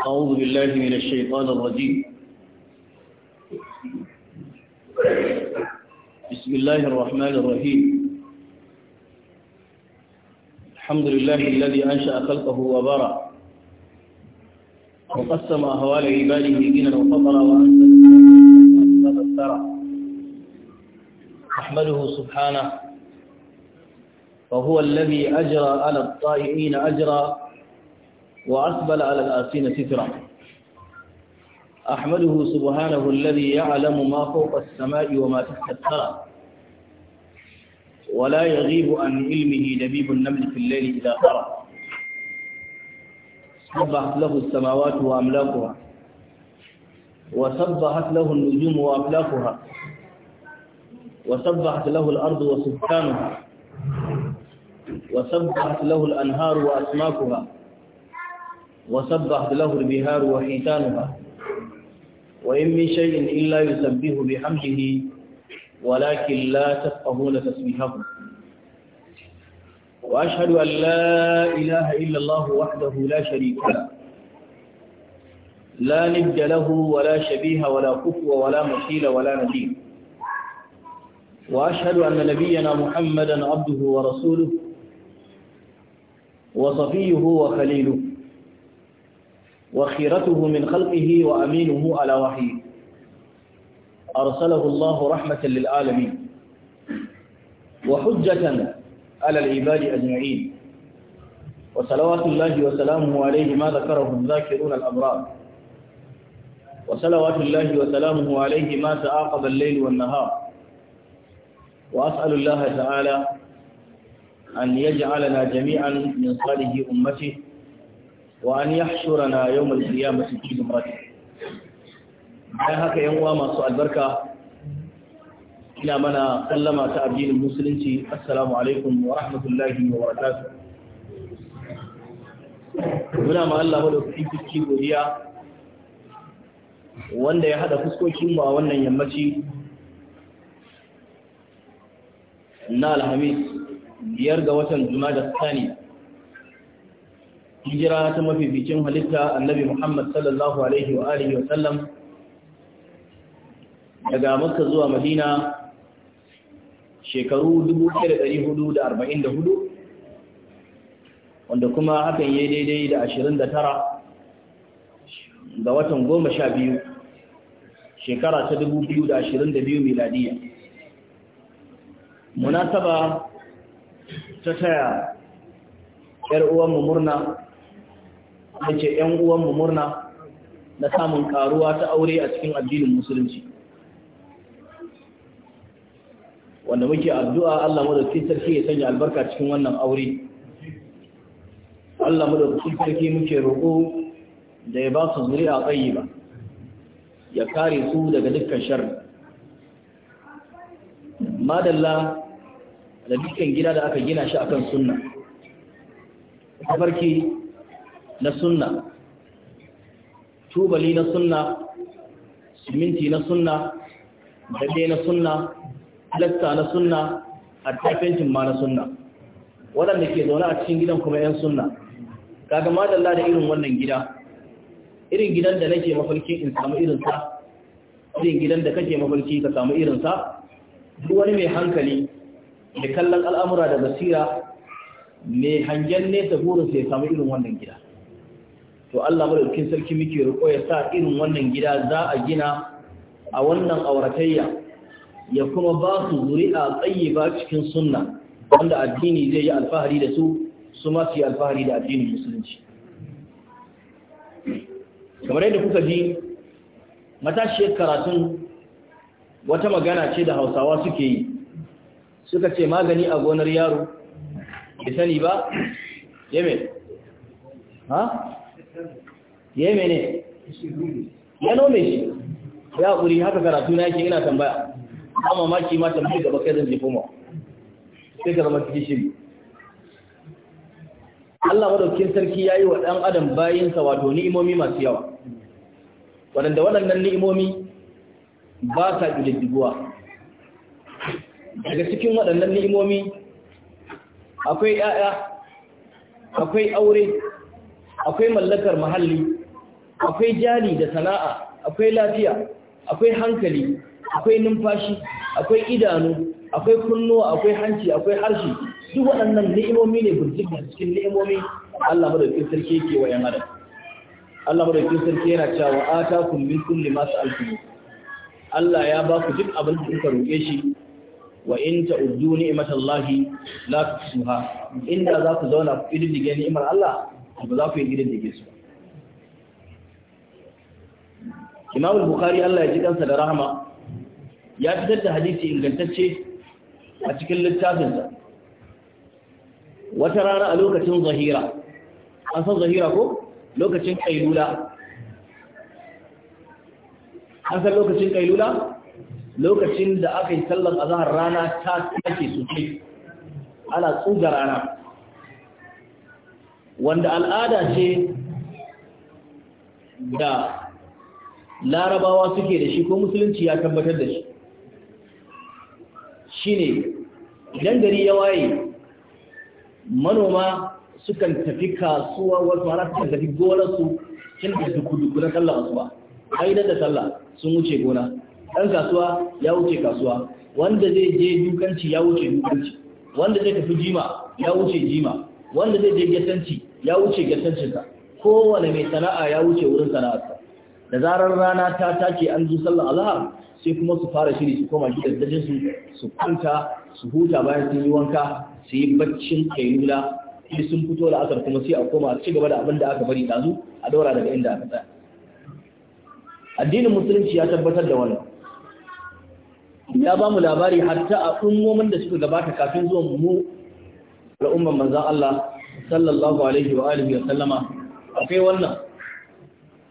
أعوذ بالله من الشيطان الرجيم بسم الله الرحمن الرحيم الحمد لله الذي أنشأ خلقه وبرع وقسم أهوال عباده دينا وفطرا وأنزل الثرى أحمده سبحانه وهو الذي أجرى على الطائعين أجرى وأقبل على الآسين سترا أحمده سبحانه الذي يعلم ما فوق السماء وما تحت الثرى ولا يغيب عن علمه دبيب النمل في الليل إذا قرى سبحت له السماوات وأملاكها وسبحت له النجوم وأملاكها وسبحت له الأرض وسكانها وسبحت له الأنهار وأسماكها وسبحت له البهار وحيتانها وإن من شيء إلا يسبه بحمده ولكن لا تفقهون تسبيحه وأشهد أن لا إله إلا الله وحده لا شريك له لا ند له ولا شبيه ولا كفو ولا مثيل ولا نجيب وأشهد أن نبينا محمدا عبده ورسوله وصفيه وخليله وخيرته من خلقه وأمينه على وحيه أرسله الله رحمة للعالمين وحجة على العباد أجمعين وصلوات الله وسلامه عليه ما ذكره الذاكرون الأبرار وصلوات الله وسلامه عليه ما تعاقب الليل والنهار وأسأل الله تعالى أن يجعلنا جميعا من صالح أمته وأن يحشرنا يوم القيامة في زمرته bayan haka yan uwa masu albarka ina mana sallama ta addinin musulunci assalamu alaikum wa rahmatullahi wa barakatuh muna ma Allah madaukakin fiski godiya wanda ya haɗa fuskokin mu a wannan yammaci na alhamis biyar ga watan Juma jumada sani hijira ta mafificin halitta annabi Muhammad sallallahu alaihi wa alihi wa sallam daga Makka zuwa Madina shekaru 1444 wanda kuma hakan yayi daidai da 29 ga watan 12 shekara ta 2022 miladiya munasaba ta taya ‘yar uwanmu murna ce ‘yan uwanmu murna na samun karuwa ta aure a cikin addinin musulunci wanda muke addu'a Allah madaukakin sarki ya sanya albarka cikin wannan aure Allah madaukakin sarki muke roƙo da ya ba su zuri'a tsayi ba ya kare su daga dukkan sharri madalla da dukkan gida da aka gina shi akan sunna barki na sunna tubali na sunna siminti na sunna dade na sunna lasta na sunna hatta fentin ma na sunna waɗanda ke zaune a cikin gidan kuma 'yan sunna kaga madalla da irin wannan gida irin gidan da nake mafarki in samu irinsa irin gidan da kake mafarki ka samu irinsa duk wani mai hankali mai kallon al'amura da basira mai hangen ne ta burinsa ya samu irin wannan gida to Allah madaukin sarki muke roƙo ya sa irin wannan gida za a gina a wannan auratayya ya kuma ba su zuri'a ba cikin sunna wanda addini zai yi alfahari da su su ma su yi alfahari da addinin musulunci kamar yadda kuka ji matashiyar karatun wata magana ce da hausawa suke yi suka ce magani a gonar yaro ya sani ba ha ya mene ya nome shi ya ƙuri haka karatu na yake ina tambaya amma ki ma tambaye gaba kai zan jefo sai ka zama cikin shiri Allah Madaukin sarki ya yi wa ɗan adam bayinsa wato ni'imomi masu yawa waɗanda waɗannan ni'imomi ba sa ƙididdiguwa daga cikin waɗannan ni'imomi akwai ‘ya'ya akwai aure akwai mallakar muhalli akwai jali da sana'a akwai lafiya akwai hankali akwai numfashi akwai idanu akwai kunnuwa akwai hanci akwai harshe duk waɗannan ni'imomi ne burjik da cikin ni'imomi Allah madaukakin sarki ke wa yan Allah madaukakin sarki yana cewa atakum min kulli masu sa'altum Allah ya ba ku duk abin da kuka roƙe shi wa in ta'uddu ni'matallahi la tuhsuha inda za ku zauna ku kididdige ni'imar Allah to za ku yi gidan da ke so Imam Bukhari Allah ya ji kansa da rahama ya fitar da hadisi ingantacce a cikin littafinsa wata rana a lokacin zahira an san zahira ko lokacin kailula an san lokacin kailula lokacin da aka yi sallar azahar rana ta take sosai ana tsuga rana wanda al'ada ce da larabawa suke da shi ko musulunci ya tabbatar da shi shi ne idan gari ya waye manoma sukan tafi kasuwa wasu ana sukan tafi gonarsu cin da duku-duku na sallah wasu ba ainihin da sallah sun wuce gona ɗan kasuwa ya wuce kasuwa wanda zai je dukanci ya wuce dukanci wanda zai tafi jima ya wuce jima wanda zai je gasanci ya wuce gasancinsa kowane mai sana'a ya wuce wurin sana'arsa da zarar rana ta take an zo sallar azhar sai kuma su fara shiri su koma gidajen su su kwanta su huta bayan sun yi wanka su yi baccin kailula sai sun fito da asar kuma sai a koma a ci gaba da abin da aka bari dazu a daura daga inda aka tsaya addinin musulunci ya tabbatar da wannan ya ba mu labari hatta a ummomin da suka gabata kafin zuwan mu al'ummar manzan Allah sallallahu alaihi wa wa sallama akwai wannan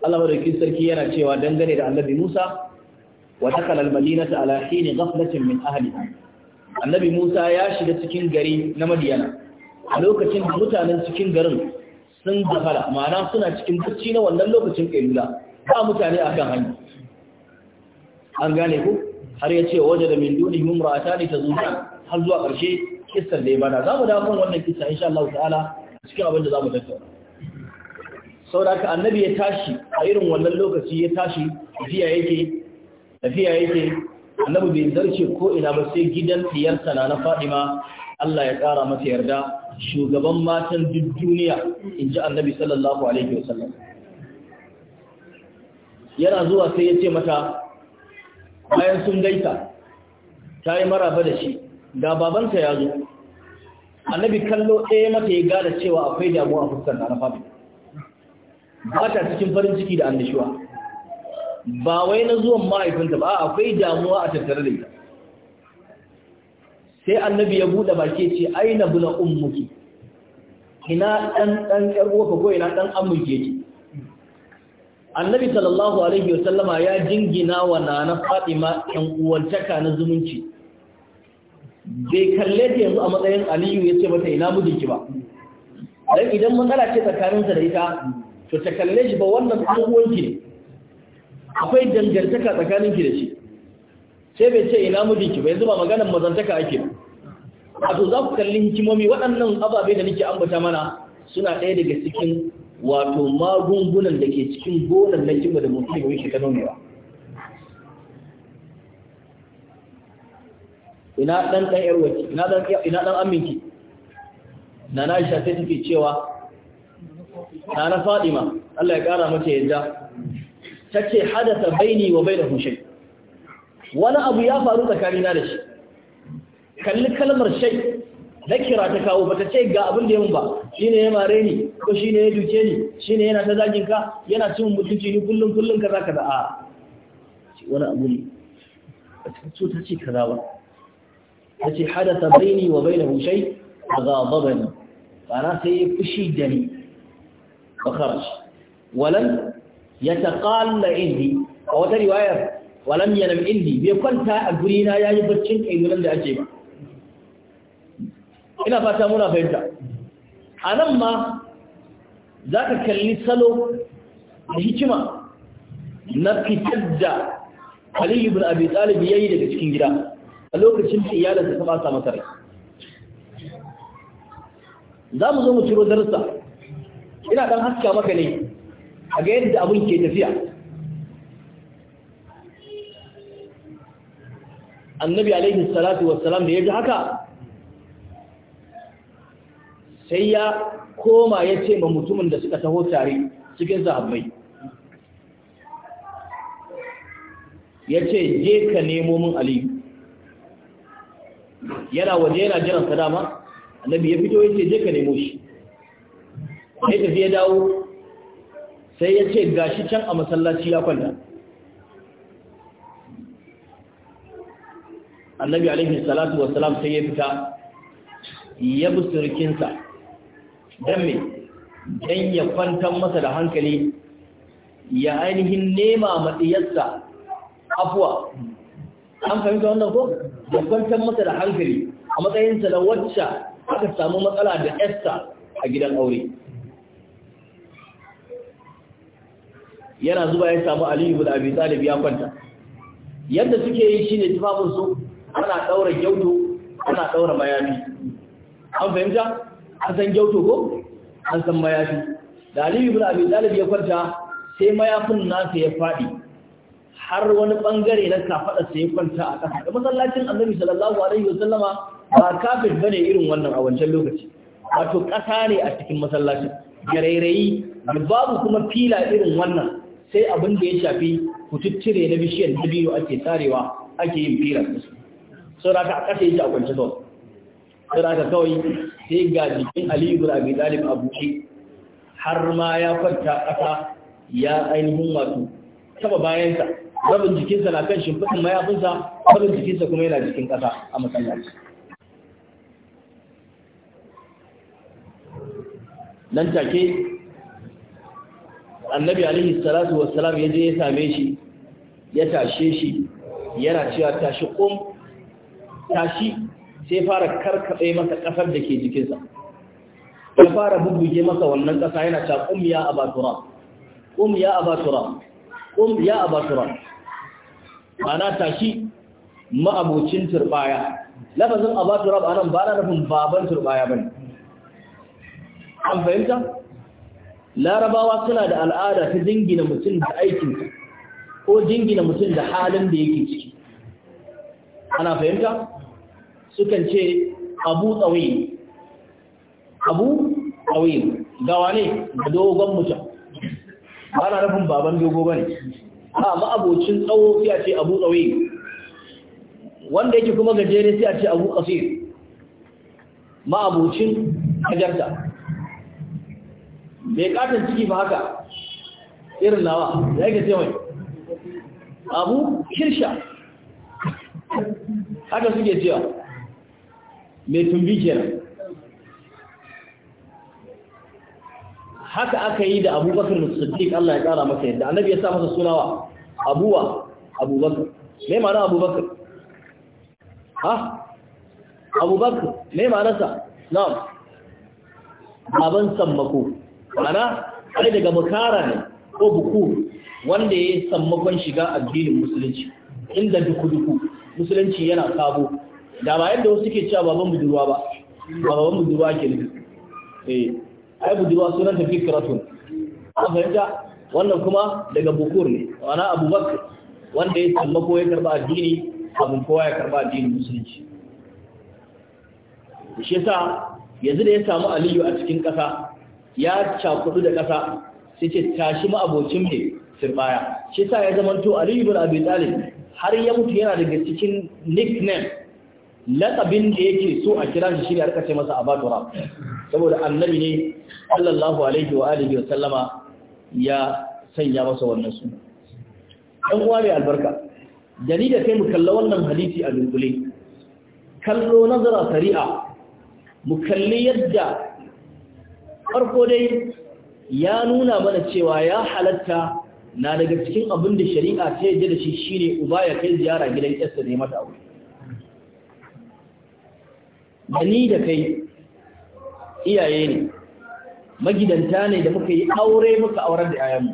Allah sarki yana cewa dangane da annabi Musa wa dakhala al-madinata ala hini ghaflatin min ahali. annabi Musa ya shiga cikin gari na Madiyana a lokacin da mutanen cikin garin sun gafara ma'ana suna cikin bacci na wannan lokacin kailula ba mutane kan hanya an gane ku har ya ce waje da min duni ta tazuka har zuwa ƙarshe kisan da ya bada za mu dawo kan wannan kisa insha Allah ta'ala cikin abin da za mu tattauna saboda aka annabi ya tashi a irin wannan lokaci ya tashi tafiya yake tafiya yake annabi bai zarce ko ina ba sai gidan diyarsa na na Fadima Allah ya kara masa yarda shugaban matan duk duniya inji annabi sallallahu alaihi wasallam yana zuwa sai ya ce mata bayan sun gaita ta yi maraba da shi ga babansa ya zo annabi kallo ɗaya mata ya gada cewa akwai damuwa a fuskar na faɗi ba ta cikin farin ciki da annashuwa ba wai na zuwan mahaifinta ba akwai damuwa a tattare da ita sai annabi ya buɗe baki ce aina bula ummuki ina ɗan ɗan ƴar uwarka ko ina ɗan amurke ki annabi sallallahu alaihi wasallama ya jingina wa nana fatima ƴan uwantaka na zumunci bai kalle ta yanzu a matsayin aliyu ya ce mata ina mijinki ba dan idan matsala ce tsakaninsa da ita to ta kalle shi ba wannan tsohuwanki ne akwai dangantaka tsakaninki da shi sai bai ce ina mijinki ba yanzu ba maganar mazantaka ake ba to za ku kalli hikimomi waɗannan ababe da nake ambata mana suna ɗaya daga cikin wato magungunan da ke cikin gonan na kima da mutum ya wuce kanonewa ina dan dan yar ina dan ina dan aminki nana Aisha sai take cewa nana Fadima Allah ya kara mace yadda tace hadasa baini wa da shay wani abu ya faru tsakanina da shi kalli kalmar shay kira ta kawo ta ce ga abin da yamin ba shine ya mare ni ko shine ya duke ni shine yana ta zagin ka yana cin mutunci ni kullun kullun kaza da a wani abu ne ba ta ce kaza ba yace hadatha baini wa bainahu shay ghadabani ana sai fushi da ni fa kharaj walam yataqalla indi a wata riwayar walam yanam indi bai kwanta a guri na yayi barcin kailulan da ake ba ina fata muna fahimta anan ma zaka kalli salo da hikima na fitar da Ali ibn Abi Talib yayi daga cikin gida a lokacin da iyalinsa ta basa masa rai za mu zo mu ciro darsa ina ɗan haska maka ne a ga yadda abin ke tafiya annabi alaihi salatu wassalam da ya ji haka sai ya koma ya ce ma mutumin da suka taho tare cikin zahabbai ya ce je ka nemo min aliyu yana waje yana jiran sa dama annabi ya fito yace je ka nemo shi sai tafi ya dawo sai ya ce gashi can a masallaci ya kwanta annabi alaihi salatu wassalam sai ya fita ya bi surkinsa don me don ya kwantar masa da hankali ya ainihin nema matsiyarsa afuwa an fahimta wannan ko ya masa da hankali a matsayinsa da wacce aka samu matsala da esta a gidan aure yana zuba ya samu aliyu da abi talib ya kwanta yadda suke yi shine tufafin su ana daura gyauto ana daura mayafi an fahimta an san gyauto ko an san mayafi da aliyu da abi talib ya kwanta sai mayafin nasa ya fadi har wani bangare na kafada sai kwanta a kasa da masallacin annabi sallallahu alaihi wasallama ba kafir bane irin wannan a wancan lokaci wato kasa ne a cikin masallacin garairayi babu kuma fila irin wannan sai abin da ya shafi kututture na bishiyar dabino ake tarewa ake yin fila sau da ka kasa yake a kwance kawai sau da ka kawai sai ga jikin aliyu ibn abi talib a buɗe har ma ya kwanta ƙasa ya ainihin wato taba bayansa rabin jikinsa na kan shimfiɗin mayafinsa rabin jikinsa kuma yana jikin ƙasa a masallaci nan take annabi alaihi salatu wassalam ya je ya same shi ya tashe shi yana cewa tashi kum tashi sai fara karkaɗe masa ƙasar da ke jikinsa ya fara bubbuge masa wannan ƙasa yana ta kum ya abatura kum ya abatura kum ya abatura ma'ana tashi ma'abocin turbaya lafazin abatu rab anan ba na nufin baban turbaya bane an fahimta larabawa suna da al'ada ta jingina mutum da aikin ko jingina mutum da halin da yake ciki ana fahimta sukan ce abu tsawi abu tsawi gawa ne da dogon mutum ba na nufin baban dogo ba ne a ma'abocin tsawo sai a ce abu tsawi wanda yake kuma gajere sai a ce abu kasir ma'abocin hajarta mai katon ciki ba haka irin nawa ya ke ce mai abu kirsha haka suke cewa mai tumbi kenan haka aka yi da abubakar siddiq Allah ya kara masa yadda annabi ya sa masa sunawa abuwa abubakar me ma'ana abubakar ha abubakar me ma'anarsa na'am baban sammako ma'ana ai daga bukara ne ko buku wanda ya sammakon shiga addinin musulunci inda duku-duku musulunci yana sabo da ba yadda wasu ke cewa baban budurwa ba baban budurwa ke nufi eh. ai budurwa sunan ta fikratun a fahimta wannan kuma daga bukur ne ma'ana abubakar wanda ya taimako ya karba addini abin kowa ya karba addini musulunci shi sa yanzu da ya samu aliyu a cikin ƙasa ya cakudu da ƙasa sai ce tashi ma'abocin mai sirbaya shi sa ya zamanto aliyu bin abi talib har ya mutu yana daga cikin nickname laƙabin da yake so a kira shi shi ne a rikace masa abatura saboda annabi ne sallallahu alaihi wa alihi wa sallama ya sanya masa wannan suna ɗan uwa mai albarka da da kai mu kalla wannan hadisi a dunkule kallo nazara sari'a mu kalli yadda farko dai ya nuna mana cewa ya halatta na daga cikin abin da shari'a ta yadda da shi ne uba ya kai ziyara gidan yarsa ne mata aure da ni da kai iyaye ne magidanta ne da muka yi aure muka aurar da yayanmu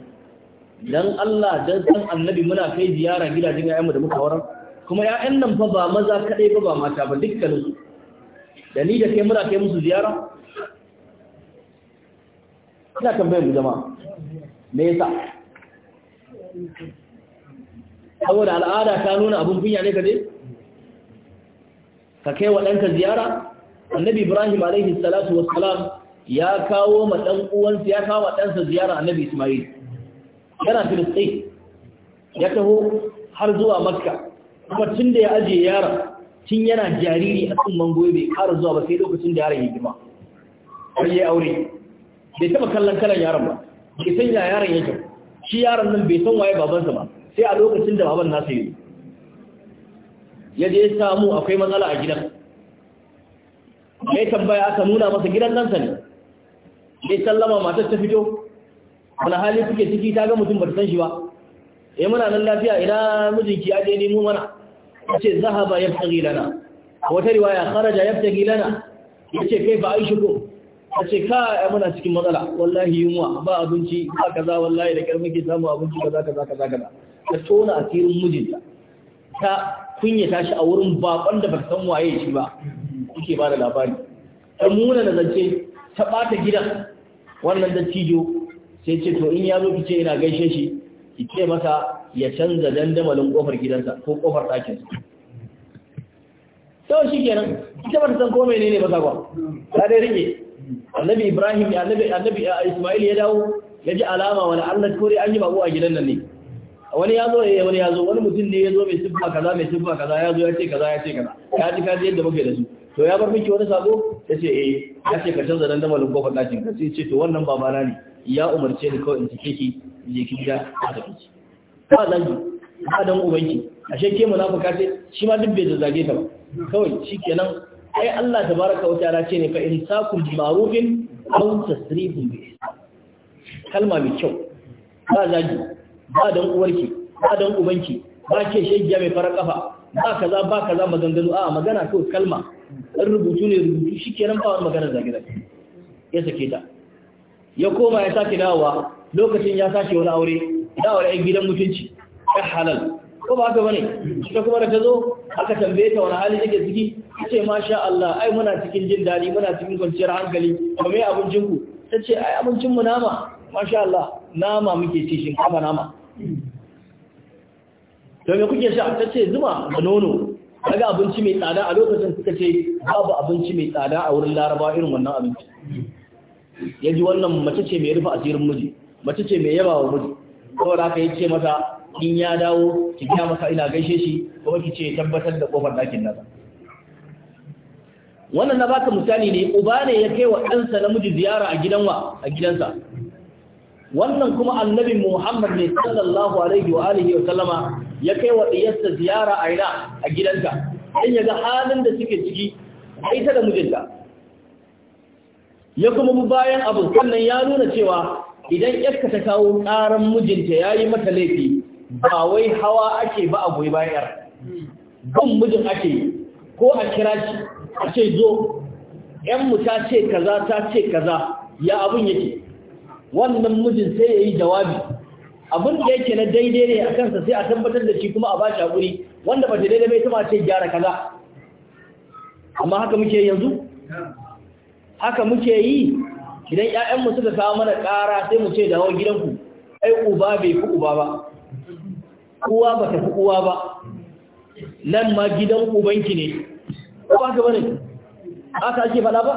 dan Allah dan san annabi muna kai ziyara gidajen yayanmu da muka aurar kuma yayan nan fa ba maza kaɗai ba ba mata ba dukkanin su da ni da kai muna kai musu ziyara ina tambayar mu jama'a me yasa saboda al'ada ta nuna abun kunya ne kaje ka kai wa ɗanka ziyara annabi ibrahim alaihi salatu wassalam ya kawo ma ɗan uwansa ya kawo ma ɗansa ziyara annabi ismail yana filistai, ya taho har zuwa makka kuma tun da ya ajiye yaron tun yana jariri a cikin mangoyi bai ƙara zuwa ba sai lokacin da yaron ya girma har yi aure bai taɓa kallon kalan yaron ba bai san ya yaron yake shi yaron nan bai san waye babansa ba sai a lokacin da baban nasa yi ya je samu akwai matsala a gidan ya tambaya aka nuna masa gidan ɗansa ne ya sallama matar ta fito wani hali kuke ciki ta ga mutum ba ta san shi ba ya muna nan lafiya ina mijinki ya je nemo mana ya ce zahaba ya fi lana wata riwaya kharaja ya fi lana ya ce kai ba aishi ko Ya ce ka muna cikin matsala wallahi yunwa ba abinci ba kaza wallahi da karfi ke samu abinci kaza kaza kaza kaza ta tona asirin mijinta ta kunyata shi a wurin bakon da bata san waye shi ba kuke ba da labari ta muna da zance ta bata gidan wannan dattijo sai ce to in ya zo ce ina gaishe shi ki ce masa ya canza dandamalin kofar gidansa ko kofar ɗakinsa sau shi kenan ita ba ta san ko menene ba sakwa ta dai rike annabi ibrahim ya annabi annabi isma'il ya dawo ya ji alama wani allah kore an yi babu a gidan nan ne wani ya zo ya eh, wani ya zo wani mutum ne ya zo mai siffa kaza mai siffa kaza ya zo ya ce kaza ya ce kaza ya ji kaji yadda muke da su to ya bar miki wani sako ya ce eh ya ce ka canza dan damalin kofar ɗakin ka sai ce to wannan ba bana ne ya umarce ni kawai in cike ki je ki gida a tafi ki ba zan ki ba dan ubanki ashe ke munafika ce shi ma duk bai zazzage ta ba kawai shikenan ai Allah tabaraka wa ta'ala ce ne fa insakum bi ma'rufin aw tasrifun bi kalma mai kyau ba zagi ba dan uwarki ba dan ubanki ba ke shayya mai farar kafa ba kaza ba kaza maganganu a magana ko kalma dan rubutu ne rubutu shikenan ba wani magana zage zage ya sake ta ya koma ya sake dawowa lokacin ya sake wani aure da aure ai gidan mutunci ya halal ko ba haka bane ita kuma da ta zo aka tambaye ta wani hali take ciki ce masha Allah ai muna cikin jin dadi muna cikin kwanciyar hankali to me abincin ku tace ai abincin mu nama masha Allah nama muke ci kafa nama to me kuke sha ta ce zuma da nono daga abinci mai tsada a lokacin suka ce babu abinci mai tsada a wurin laraba irin wannan abinci ya ji wannan mace ce mai rufe asirin miji mace ce mai yaba wa miji kawai da aka yi ce mata in ya dawo ki gina masa ina gaishe shi kuma ki ce tabbatar da kofar ɗakin nasa wannan na baka misali ne uba ne ya kai wa ɗansa namiji ziyara a gidan wa a gidansa wannan kuma annabi Muhammad ne sallallahu alaihi wa alihi wa sallama ya kai wa diyarsa ziyara a ina a gidanta in yaga halin da suke ciki ta da mijinta ya kuma bayan abu sannan ya nuna cewa idan yakka ta kawo ƙaran mijinta yayi mata laifi ba wai hawa ake ba a goyi bayan yar bin mijin ake ko a kira shi a ce zo yan mu ta ce kaza ta ce kaza ya abun yake wannan mijin sai ya yi jawabi abin da yake na daidai ne a kansa sai a tabbatar da shi kuma a bashi haƙuri wanda ba daidai bai tuma ce gyara kaza amma haka muke yanzu haka muke yi idan ƴaƴanmu suka kawo mana ƙara sai mu ce dawo gidanku ai uba bai fi uba ba uwa ba ta fi uwa ba nan ma gidan ubanki ne ko ba ka bane aka ake faɗa ba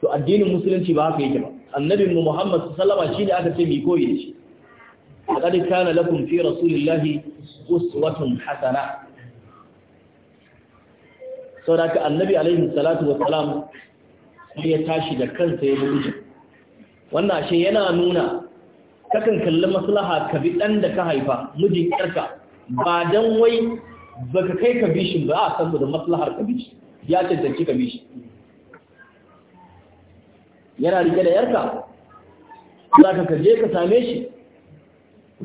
to addinin musulunci ba haka yake ba annabin mu Muhammad sallama shine aka ce mi koyi shi laqad kana lakum fi rasulillahi uswatun hasana saboda annabi alaihi salatu wassalam sai ya tashi da kansa ya buji wannan shi yana nuna kakan kalli maslaha ka bi dan da ka haifa mijin yarka ba dan wai baka kai ka bishin ba a san da maslahar ka bishi ya tantance ka bishi yana rike da yarka za ka kaje ka same shi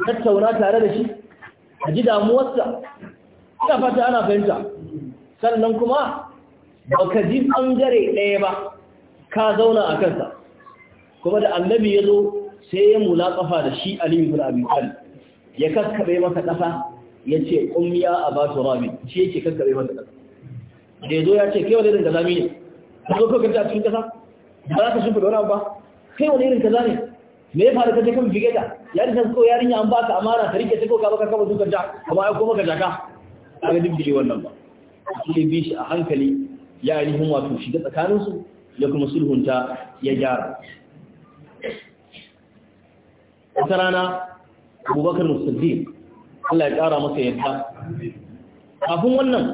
tattauna tare da shi a ji damuwarsa ina fata ana fahimta sannan kuma ba ka ji ɓangare ɗaya ba ka zauna a kansa kuma da annabi ya zo sai ya mula ƙafa da shi aliyu bin abi kan ya kakkaɓe masa ƙasa ya ce ƙummiya a ba su rami shi yake kakkaɓe masa ƙasa da ya zo ya ce kewa da zama ne ka zo kakkaɓe a cikin ƙasa ba ka da wani ba kai wani irin kaza ne me ya faru kaje je kan fige ta yarinya ko yarinya an baka amara ta rike ta ko ka baka kaba dukan ta kuma ai ko maka jaka kaga duk bile wannan ba sai bi shi a hankali ya yi ainihin wato shiga tsakanin su ya kuma sulhunta ya gyara wata rana abubakar musaddiq Allah ya ƙara masa yadda kafin wannan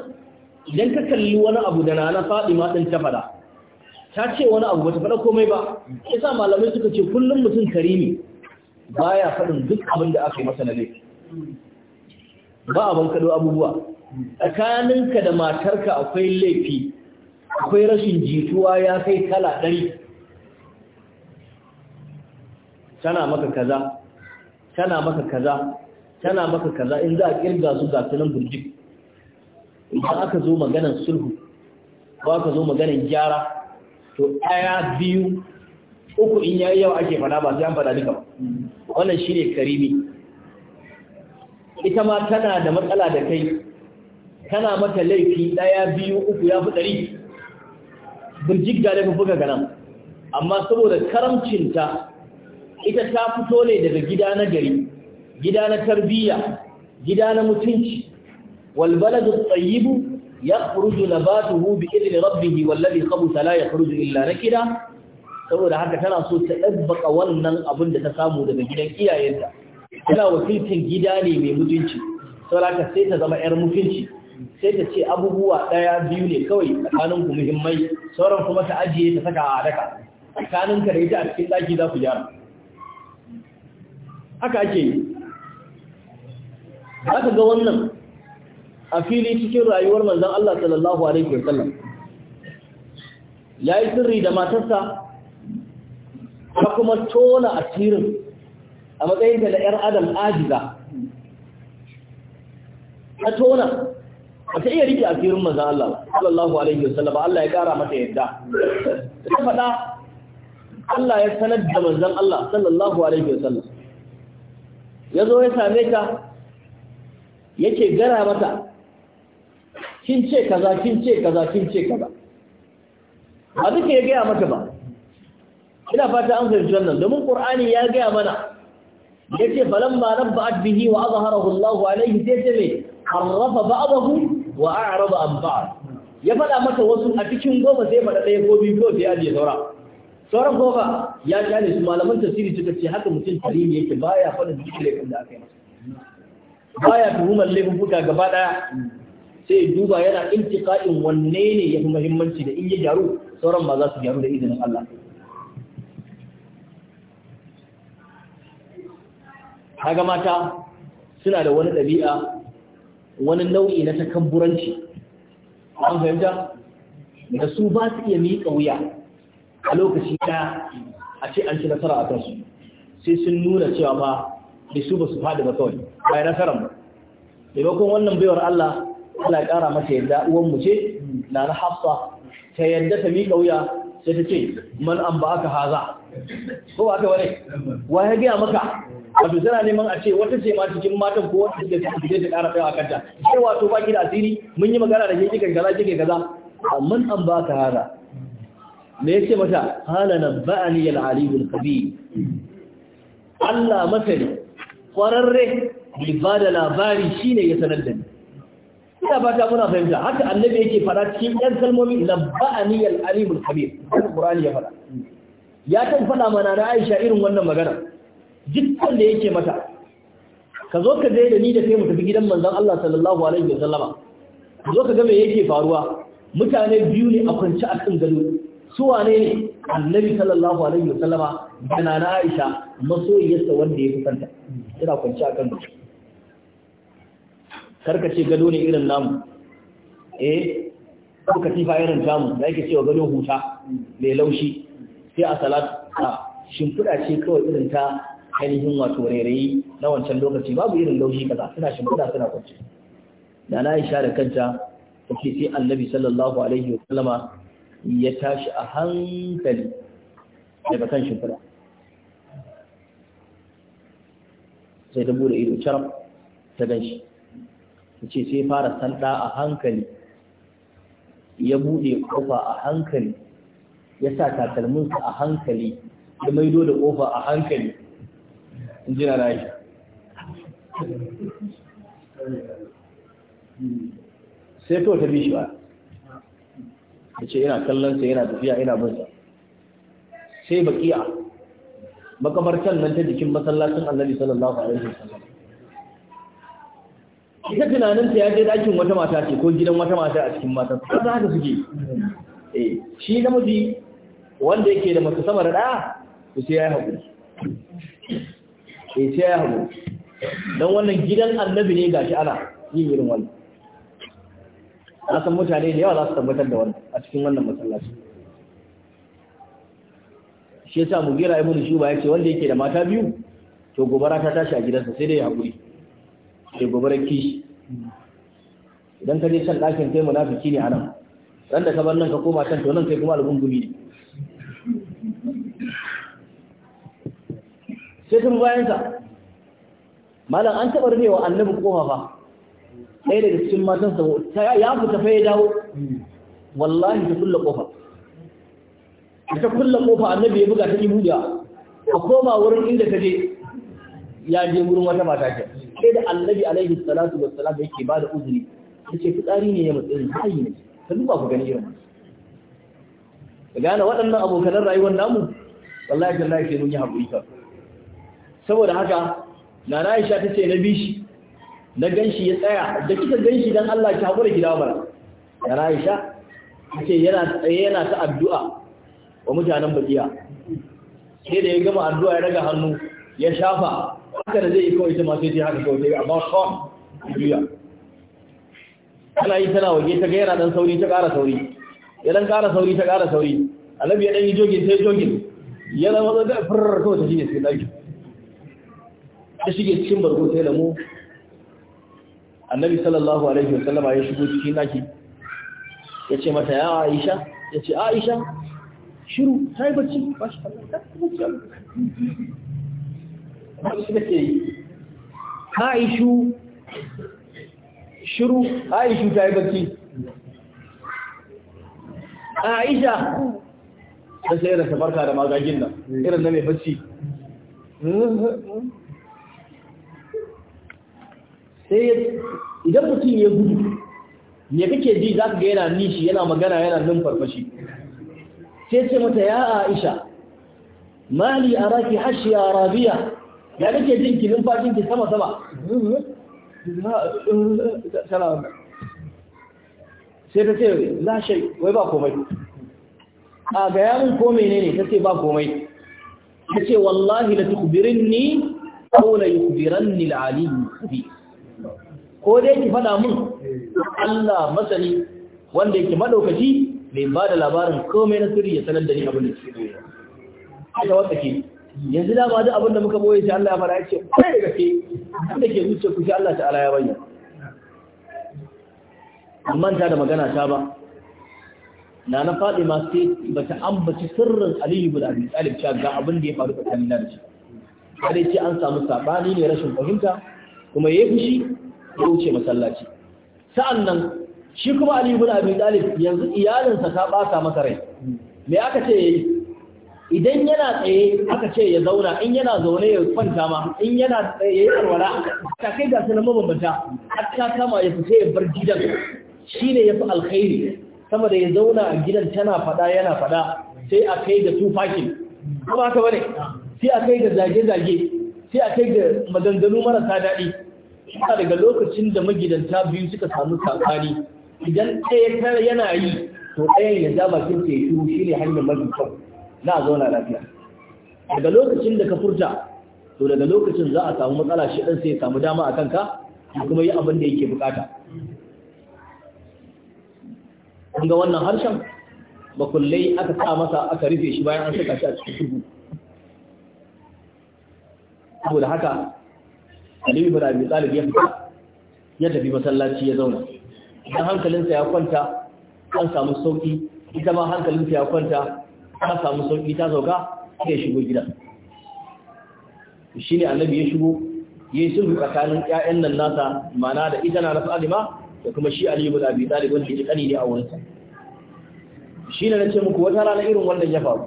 idan ka kalli wani abu da na faɗi ma ɗin ta faɗa ta ce wani abu bata faɗa komai ba ya sa malamai suka ce kullum mutum kari ba baya faɗin duk abin da aka yi masa na ba abin kaɗo abubuwa tsakaninka da matarka akwai laifi akwai rashin jituwa ya kai kala ɗari tana maka kaza tana maka kaza tana maka kaza in za a ƙirga su ga sunan burjik idan aka zo maganan sulhu ko aka zo maganan gyara to ɗaya biyu uku in yayi yawa ake fada ba sai an fada duka ba wannan shine karimi ita ma tana da matsala da kai tana mata laifi ɗaya biyu uku ya fi ɗari birjik da laifin buga ganan amma saboda karamcinta ita ta fito ne daga gida na gari gida na tarbiyya gida na mutunci da tsayibu yakhruju nabatuhu bi idni rabbih wal ladhi khabutha la yakhruju illa gida? saboda haka tana so ta dabbaka wannan abin da ta samu daga gidan iyayenta tana wakiltin gida ne mai mutunci saboda sai ta zama yar mutunci sai ta ce abubuwa daya biyu ne kawai tsakanin ku muhimmai sauran kuma ta ajiye ta saka a daka tsakanin ka da ita a cikin daki za ku gyara haka ake yi za ka ga wannan a fili cikin rayuwar manzan Allah sallallahu alaihi wasallam yi sirri da matarsa ta kuma tona asirin a matsayin da ‘yar adam ajiza ta tona a ta iya rike asirin manzan Allah sallallahu Alaihi wasallam Allah ya ƙara mata yadda ta faɗa Allah ya sanar da manzan Allah sallallahu Alaihi wasallam ya zo ya same ta yake gara mata kin ce kaza kin ce kaza kin ce kaza A duka ya gaya mata ba ina fata an fahimci nan domin qur'ani ya gaya mana yace falamma nabba'at bihi wa azharahu Allahu alayhi sai ce me arrafa ba'dahu wa a'rada an ba'd ya faɗa mata wasu a cikin goma sai faɗa ɗaya ko biyu ko sai saura sauran goma ya kyale su malaman tafsiri suka ce haka mutum tarimi yake baya faɗin duk laifin da aka yi masa baya tuhumar laifuka gaba ɗaya sai duba yana intiqa'in wanne ne ya fi muhimmanci da in ya gyaru sauran ma za su gyaru da izinin Allah Haga mata suna da wani ɗabi'a wani nau'i na takabburanci an fahimta da su ba su iya miƙa wuya a lokaci ɗaya a ce an ci nasara a kansu sai sun nuna cewa ma da su ba su faɗi ba kawai bai nasarar ba kuma wannan baiwar Allah Allah ya kara mata yadda uwan mu ce na na hafsa ta yadda ta miƙa wuya sai ta ce man an ba aka haza ko ta wani wa ya gaya maka wato tana neman a ce wata ce ma cikin matan ko wata ce ta ta kara a kanta sai wato baki da asiri mun yi magana da ke cikin kaza cikin kaza man an ba ka haza me ce mata hala na al-alimul kabi Allah masani kwararre bai ba da labari shine ya sanar da ni ba ta muna fahimta haka annabi yake fara cikin ɗan kalmomi labba'ani al-alimul khabir wannan qur'ani ya fara ya kan fada mana na Aisha irin wannan magana dukkan da yake mata ka zo ka je da ni da kai mu tafi gidan manzon Allah sallallahu alaihi wasallama ka zo ka ga me yake faruwa mutane biyu ne a kwance a kan gado su wane ne annabi sallallahu alaihi wasallama da nana Aisha masoyiyarsa wanda ya kusanta ina kwance a kan gado karka ce gado ne irin namu eh ko katifa irin tamu da yake cewa gado huta mai laushi sai a salatu a shimfiɗa ce kawai irin ta ainihin wato rairayi na wancan lokaci babu irin laushi kaza suna shimfiɗa suna kwance da na isha da kanta take sai annabi sallallahu alaihi wa sallama ya tashi a hankali daga kan shimfiɗa sai ta bude ido charam ta ganshi. ce sai fara sanda a hankali ya buɗe ƙofa a hankali ya sa takalminsa a hankali ya maido da ƙofa a hankali in ji na rashi sai kawai ta bishi ba da ce yana kallonsa yana tafiya yana binsa sai baƙi'a can nan ta jikin masallacin annabi sallallahu alaihi wasallam ita tunanin ta ya je dakin wata mata ce ko gidan wata mata a cikin mata ta za haka suke eh shi namiji wanda yake da mace sama da ɗaya to sai ya yi eh sai ya yi dan don wannan gidan annabi ne gashi ana yin irin wannan na san mutane da yawa za su tabbatar da wannan a cikin wannan masallaci shi yasa mugira ibnu shuba yace wanda yake da mata biyu to gobara ta tashi a gidansa sai dai ya haƙuri ke gobarar kishi idan ka je can ɗakin kai munafiki ne a nan ran da ka bar nan ka koma can to nan kai kuma algungumi ne sai tun bayansa malam an taɓa rufe wa annabi koma fa ɗaya daga cikin matansa ya fi fa ya dawo wallahi ta kulla kofa ta kulla kofa annabi ya buga ta ibuda Ka koma wurin inda ta je ya je wurin wata mata ke sai da annabi alaihi salatu wa salam yake ba da uzuri ce fitsari ne ya matsayi hayi ne ka duba ku gani irin ka gane waɗannan abokanan rayuwar namu wallahi ya sai mun yi hakuri ka saboda haka na Aisha tace na bi shi na ganshi ya tsaya da kika ganshi dan Allah ki hakura gida dawo bara na Aisha tace yana tsaye yana ta addu'a wa mutanen bakiya sai da ya gama addu'a ya raga hannu ya shafa haka da zai yi kawai ma sai haka kawai sai amma ko juya ana yi tana waje ta gaira dan sauri ta ƙara sauri ya dan ƙara sauri ta ƙara sauri annabi ya dan yi jogin sai jogin ya zama mazo da furr kawai ta ne cikin daki ta shige cikin barko sai lamu annabi sallallahu alaihi wa sallama ya shigo cikin daki ya ce mata ya Aisha ya ce Aisha shiru ta yi bacci ba shi kallon ta bacci wasu take yi aishu shiru aishu ta yi barci aisha ta sai irin ta da magagin nan irin na mai barci sai idan mutum ya gudu ne kake ji za ka ga yana nishi yana magana yana nan farfashi sai ce mata ya aisha mali a araki hashiya rabiya ya nake jin ki numfashin ki sama sama sai ta ce la shai wai ba komai a ga yamin ko menene ta ce ba komai ta ce wallahi na tukbirinni yi la ni da ali khabir ko dai ki fada mun Allah masani wanda yake madaukaci mai ba da labarin komai na sirri ya sanar da ni abin da ke doya wata ke yanzu da ba duk abin da muka boye shi Allah ya fara ce kai da gaske da ke zuciya ku shi Allah ta'ala ya bayyana amma ta da magana ta ba na na Fatima sai bata ambaci sirrin Aliyu ibn Abi Talib cewa ga abin da ya faru tsakanin da shi sai ce an samu sabani ne rashin fahimta kuma yayi fushi ya wuce masallaci nan, shi kuma Aliyu ibn Abi Talib yanzu iyalinsa ta bata masa rai me aka ce yayi idan yana tsaye aka ce ya zauna in yana zaune ya kwanta ma in yana tsaye ya yi alwala ta kai ga sanan mabambanta a ta kama ya fice ya bar gidan Shi ne ya fi alkhairi sama da ya zauna a gidan tana fada yana fada sai a kai da tufakin kuma haka bane sai a kai da zage-zage sai a kai da maganganu marasa daɗi kuma daga lokacin da magidanta biyu suka samu sakani idan ɗaya yana yi to ɗayan ya ja bakin teku shi ne hanyar mafi kyau na a zauna lafiya daga lokacin da ka furta to daga lokacin za a samu matsala shi ɗan sai ya samu dama a kanka ya kuma yi abin da yake bukata kun ga wannan harshen bakullai aka sa masa aka rufe shi bayan an saka shi a cikin turbu da haka alibi bin abi talib ya fita ya tafi masallaci ya zauna idan hankalinsa ya kwanta an samu sauki ita ma hankalinsa ya kwanta ta samu sauki ta sauka sai ya shigo gida shi ne annabi ya shigo ya yi sulhu tsakanin ƴaƴan nan nasa mana da ita na nasu alima da kuma shi aliyu bin abi talib wanda ya kani ne a wurinsa shi ne na ce muku wata rana irin wannan ya faru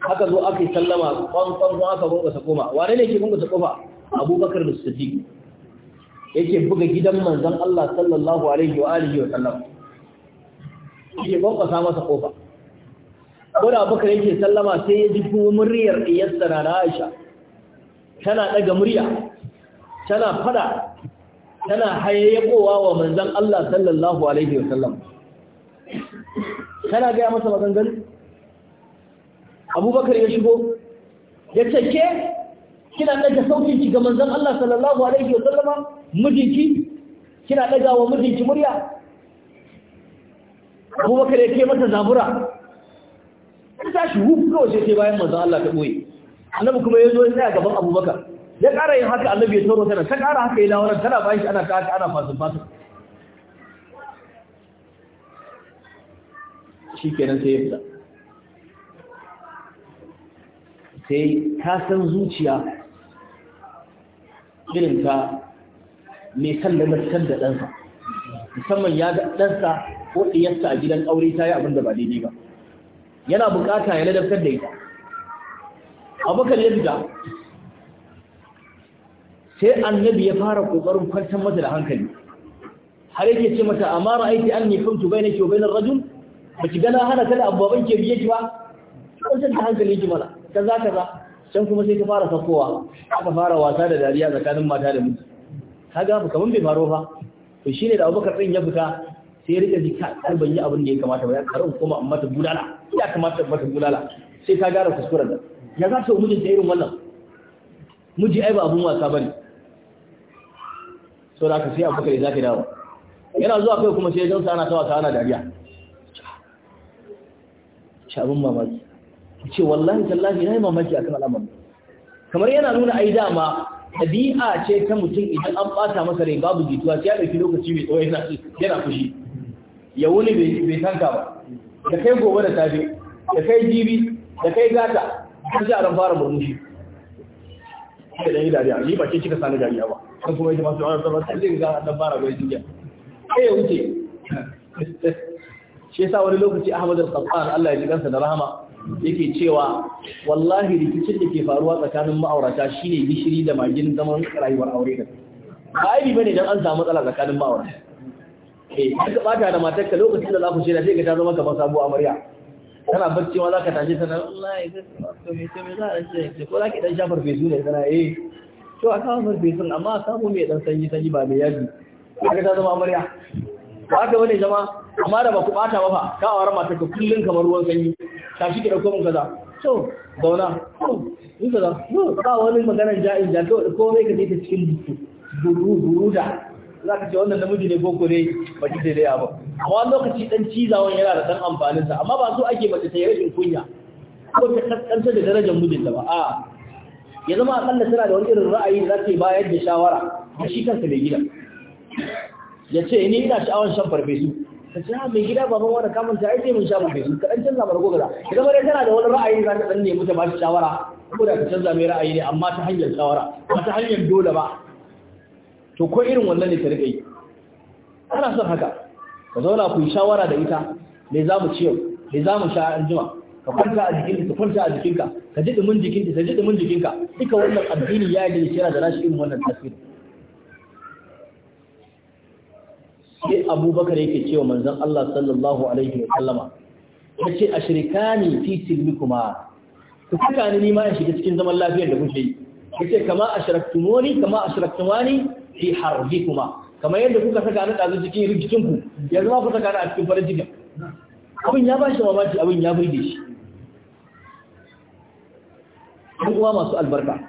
haka zo aka yi sallama kwan kwan aka gunga sa koma wane ne ke gunga sa kofa abubakar da sadiq yake buga gidan manzon Allah sallallahu alaihi wa alihi wa sallam yake gunga sa masa kofa ko da abubakar yake sallama sai ya ji kuma muryar ɗiyarsa na aisha tana ɗaga murya tana fada tana hayayyakowa wa manzan Allah sallallahu alaihi wasallam tana gaya masa maganganu abubakar ya shigo ya ce ke kina ɗaga sauƙinki ga manzan Allah sallallahu alaihi wasallama mijinki kina ɗaga wa mijinki murya abubakar ya ke mata zabura ta tashi wuf kawai sai sai bayan manzon Allah ta boye annabi kuma ya zo ya tsaya gaban abubakar ya ƙara yin haka annabi ya tsoro tana ta ƙara haka yi lawaran tana bayan shi ana ta haka ana fasin fasin shi kenan sai ya fita sai ka san zuciya irin ta mai san da da ɗansa musamman ya ga ɗansa ko ɗiyarsa a gidan aure ta yi abin da ba daidai ba yana bukata ya ladabtar da ita abokan ya fita sai annabi ya fara kokarin kwantar mata da hankali har yake ce mata amma ra'aiti ne kuntu bai na rajin ba baki gana hana kada abubuwan ke biye ki ba kwantar da hankali ki mana ka kaza can kuma sai ta fara sakowa aka fara wasa da dariya tsakanin mata da miji kaga ba kaman bai faro ba to shine da abubakar ɗin ya fita sai rika jika har kar ban yi abin da ya kamata ba ya karin koma amma ta bulala ya kamata ta bulala sai ta gara kuskuren da ya za ta yi mijinta irin wannan miji ai ba abun wasa bane so da aka sai abu kai zaki dawo yana zuwa kai kuma sai ya gansa ana ta wasa ana dariya Sha abun mamaki ce wallahi tallahi na yi mamaki akan al'amarin kamar yana nuna ai dama ɗabi'a ce ta mutum idan an ɓata masa rai babu jituwa sai ya ɗauki lokaci mai tsawo yana fushi ya wuni bai tanka ba da kai gobe da safe da kai jibi da kai gata har ji a ran fara murmushi sai da yi dariya ni ba ke cika sani dariya ba kan kuma yi masu yawon ah, zama sai zai ga dan fara gwai jiya sai ya wuce shi yasa wani lokaci Ahmad al-Qassan Allah ya ji kansa da rahama yake cewa wallahi rikicin da ke faruwa tsakanin ma'aurata shine gishiri da magin zaman rayuwar aure da ba aibi bane dan an samu matsala tsakanin ma'aurata eh ka bata da matarka lokacin da za ku shirya sai ka ta zama kamar sabuwa amarya tana bacci ma za ka tashi sana wallahi to me to me za a ce ko za ki dan sha fesu ne sana eh to a kawo farfesun amma a samu mai dan sanyi sanyi ba mai yaji ka ta zama amarya ba ka wani jama amma da ba ku bata ba fa ka awar matar matarka kullum kamar ruwan sanyi ta shi ki dauko mun kaza to zauna to ni kaza ba wani maganar ja'in ja to komai ka ta cikin duhu duhu da za ka ce wannan namiji ne boko ne mace ce dai abin amma lokaci dan cizawan yana da dan amfanin sa amma ba so ake mace ta yi rashin kunya ko ta kaskanta da darajar mijinta ba a ya zama akalla tana da wani irin ra'ayi da za ta bayar da shawara ga shi kansa mai gida ya ce ni ina sha'awar shan farfesu ka ce ah, mai gida baban wani kamun ai sai mun sha farfesu ka dan canza margo gaza ya zama dai tana da wani ra'ayi za ta dan nemi ta ba shi shawara ko da ka canza mai ra'ayi ne amma ta hanyar shawara ba ta hanyar dole ba to ko irin wannan ne ta rike yi ana son haka ka zauna ku yi shawara da ita me za mu ci yau me za mu sha anjima ka kwanta a jikin ka kwanta a jikinka ka ji dumin jikin ka ji dumin jikinka duka wannan addini ya yi kira da rashin irin wannan tasiri sai abubakar yake cewa manzon Allah sallallahu alaihi wa sallama ce ashrikani fi silmikuma ku saka ni ma in shiga cikin zaman lafiyar da kuke yi ce kama ashraktumuni kama ashraktumani fi kuma kamar yadda kuka saka na ɗazu cikin rikicin ku yanzu ma ku saka na a cikin farin cikin abin ya ba shi mamaki abin ya burge shi duk uwa masu albarka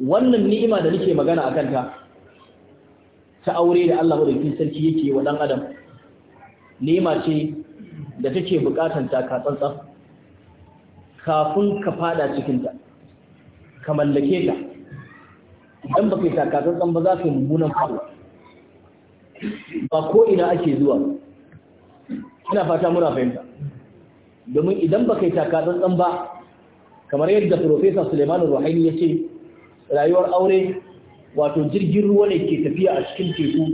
wannan ni'ima da nake magana akan ta ta aure da Allah madaukakin sarki yake wa dan adam ni'ima ce da take buƙatan ta ka tsantsan kafin ka fada cikin ta ka mallake ta idan ba kai takatsantsan ba za su mummunan faru ba ko ina ake zuwa ina fata muna fahimta domin idan ba kai takatsantsan ba kamar yadda Profesa Suleiman Ruhaini ya ce rayuwar aure wato jirgin ruwa ne ke tafiya a cikin teku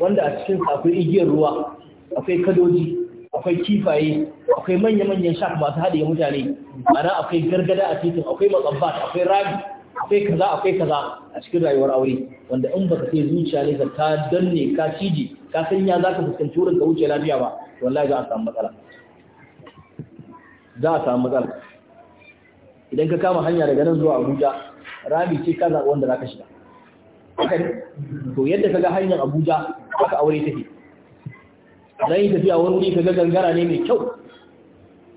wanda a cikin akwai igiyar ruwa akwai kadoji akwai kifaye akwai manya-manyan shak masu haɗe mutane ana akwai gargada a titin akwai matsabbat akwai rami akwai kaza akwai kaza a cikin rayuwar aure wanda in baka kai zuciya ne ka ta danne ka cije ka san ya zaka fuskanci wurin ka wuce lafiya ba wallahi za a samu matsala za a samu matsala idan ka kama hanya daga nan zuwa Abuja rami ce ka zaɓi wanda zaka shiga to yadda ga hanyar Abuja haka aure take dan yi tafiya wani wuri ga gangara ne mai kyau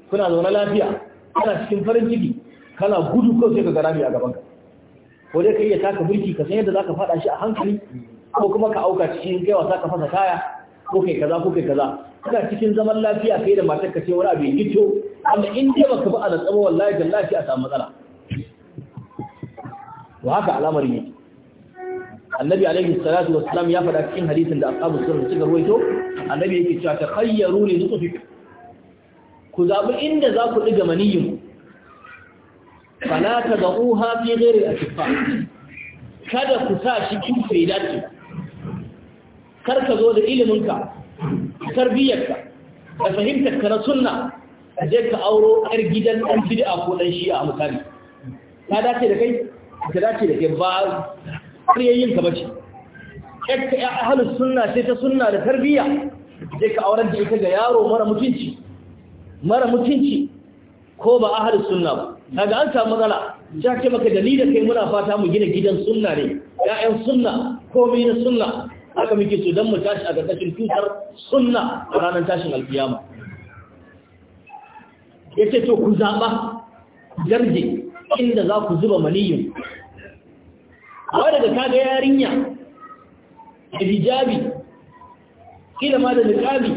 kuna zaune lafiya kana cikin farin ciki kana gudu kawai sai ka ga rami a gaban ka ko dai ka iya taka mulki ka san yadda zaka fada shi a hankali ko kuma ka auka cikin kai wasa ka fasa kaya ko kai kaza ko kai kaza kana cikin zaman lafiya kai da matar ka ce wani abu gito amma in dai baka ba a da tsaba wallahi jallahi a samu matsala to haka al'amari ne annabi alaihi salatu wassalam ya faɗa cikin hadisin da ashabu sunan suka ruwaito annabi yake cewa takhayyaru li nutfik ku zabi inda za ku diga maniyin fala ta da uha fi ghairi al-kifa kada ku sa shi kin bai dace kar ka zo da iliminka, ka tarbiyyar ka da fahimtar ka na sunna ka je ka auro yar gidan an dan bid'a ko dan a misali ka dace da kai ka dace da kai ba kariyayin ka bace yakka ya ahlus sunna sai ta sunna da tarbiyya je ka auren da ita ga yaro mara mutunci mara mutunci ko ba a ahalus sunna ba daga an samu matsala ta ce maka dalilin kai muna fata mu gina gidan sunna ne yayan sunna komai na sunna haka muke so don mu tashi a ƙarƙashin tutar sunna a ranar tashin alkiyama ya ce to ku zaɓa jarje inda za ku zuba maniyin amma daga kaga yarinya da hijabi kila ma da niqabi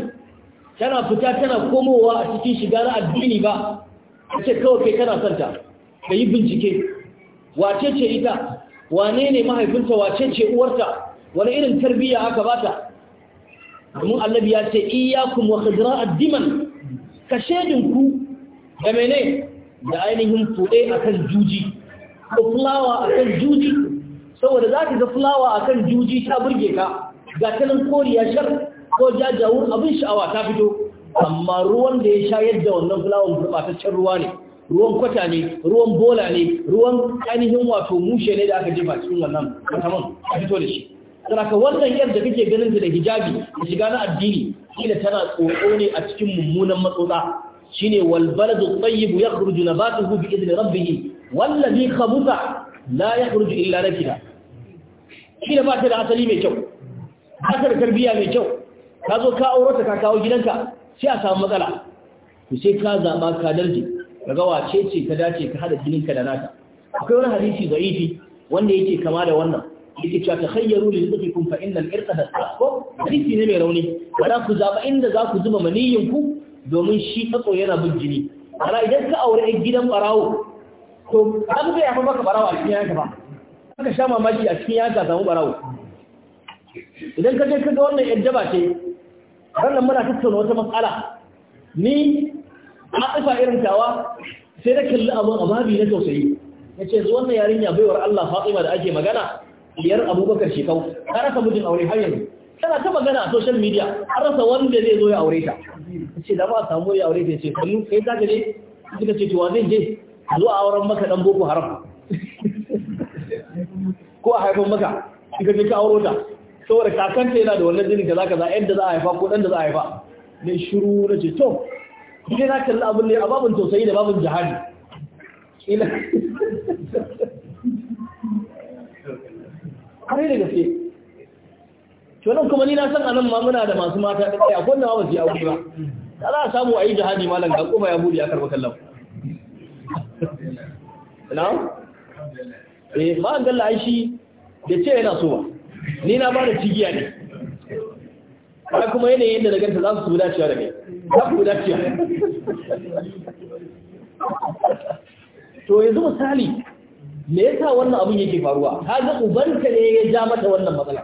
tana fita tana komowa a cikin shiga na addini ba a ce kawai kai kana santa ka yi bincike wace ce ita wane ne mahaifinta wace ce uwarta wani irin tarbiyya aka bata domin annabi ya ce iyyakum wa khidra'ad diman ka shedin da mene da ainihin fude akan juji ko fulawa akan juji saboda zaka ga fulawa akan juji ta burge ka ga tanan koriya shar ko jajawun abin sha'awa ta fito amma ruwan da ya sha yadda wannan fulawan gurbataccen ruwa ne ruwan kwata ne ruwan bola ne ruwan ainihin wato mushe ne da aka jefa cikin wannan kataman a fito da shi ka, wannan yar da kake ganin da hijabi da shiga na addini kila tana tsoro ne a cikin mummunan matsotsa shine wal baladu tayyib yakhruju nabatuhu bi idni rabbih wallazi khabutha la yakhruju illa nakira kila ba ta da asali mai kyau ba ta da tarbiyya mai kyau ka zo ka aurata ka kawo gidanka sai a samu matsala to sai ka zaɓa ka darje daga wace ce ka dace ka jinin jininka da nata akwai wani hadisi za'ifi wanda yake kama da wannan yake cewa takhayyaru li rizqikum fa innal irqa tasaqu hadisi ne mai rauni Kada ku zaɓa inda za ku zuba maniyin ku domin shi tsako yana bin jini bara idan ka aure a gidan barawo to an ga yafa maka barawo a cikin yanka ba ka sha mamaki a cikin yanka samu barawo idan ka je ka ga wannan yar daba ce ranar muna tattauna wata matsala ni a ƙafa irin tawa sai da kalli abu a babi na tausayi ya ce zuwan na yarinya baiwar Allah Fatima da ake magana liyar abubakar shekau ta rasa mijin aure har yanzu tana ta magana a social media an rasa wanda zai zo ya aure ta ya ce da a samu ya aure ta ce kallu kai za ka je suka ce cewa zai je zo a auren maka dan boko haram ko a haifan maka suka je ka auro ta saboda kakanta yana da wannan jinin kaza kaza yadda za a haifa ko dan da za a haifa ne shiru na ce to dai na kalli abin ne a babin tausayi da babin jihadi ila kare da gaske to nan kuma ni na san anan ma muna da masu mata da kai akwai nawa ba su yi aure ba da za a samu a yi jihadi malam ga kuma ya bude a karba kallon na? eh an galla aishi shi da ce yana so ba ni na ba da cigiya ne ba kuma yanayin da ganta za su dacewa da kai za ku dacewa to yanzu misali me yasa wannan abin yake faruwa kaga ubanka ne ya ja mata wannan matsala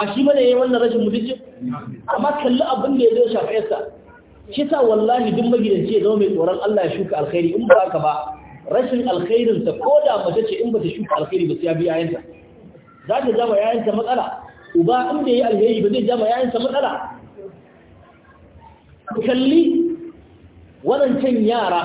a shi bane yayin wannan rashin mutunci amma kalli abin da ya zo shafa yasa shi sa wallahi duk magidanci ya zama mai tsoron Allah ya shuka alkhairi in ba ka ba rashin alkhairin ta da mace ce in ba ta shuka alkhairi ba sai ya biya yanta za ta jama yayansa matsala uba in bai yi alheri ba zai jama yayansa matsala kalli wadancan yara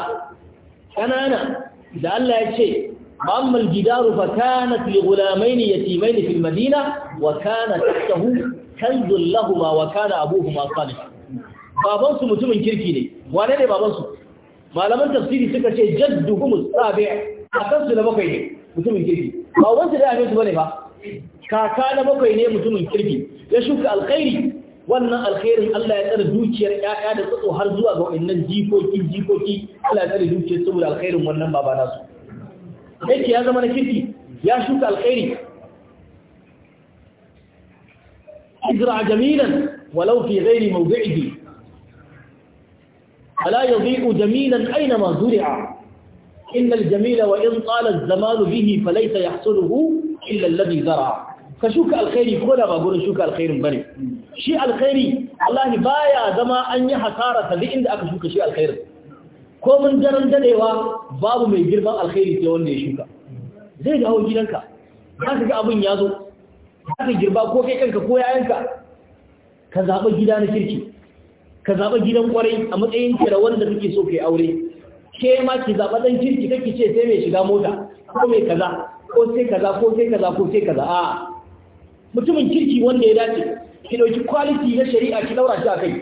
ƙanana da Allah ya ce ma'ammal gidaru fa kanat li gulamaini yatimaini fil madina wa kana tattahu kan lahuma wa kana abuhuma salih baban su mutumin kirki ne wane ne baban su malaman tafsiri suka ce jadduhum sabi akan su na bakwai ne mutumin kirki ba wanda da ya amince bane ba kaka na bakwai ne mutumin kirki ya shuka alkhairi wannan alkhairin Allah ya tsara dukiyar ƴaƴa da tsatso har zuwa ga waɗannan jikoki jikoki Allah ya tsara dukiyar saboda alkhairin wannan baba nasu yake ya zama na kirki ya shuka alkhairi ازرع جميلا ولو في غير موضعه فلا يضيء جميلا أينما زرع إن الجميل وإن طال الزمان به فليس يحصله illa alladhi ka shuka alkhairi ko da ba gurin shuka alkhairin bane shi alkhairi wallahi baya zama an yi hasara ta duk inda aka shuka shi alkhairin ko mun daren dadewa babu mai girman alkhairi sai wanda ya shuka zai dawo gidanka za ka ga abin ya zo za ka girba ko kai kanka ko yayanka ka zaɓa gida na kirki ka zaɓa gidan kwarai a matsayin kira wanda kake so kai aure ke ma ki zaɓa ɗan kirki kake ce sai mai shiga mota ko mai kaza ko sai kaza ko sai kaza ko sai kaza a mutumin kirki wanda ya dace ki dauki quality na shari'a ki daura shi a kai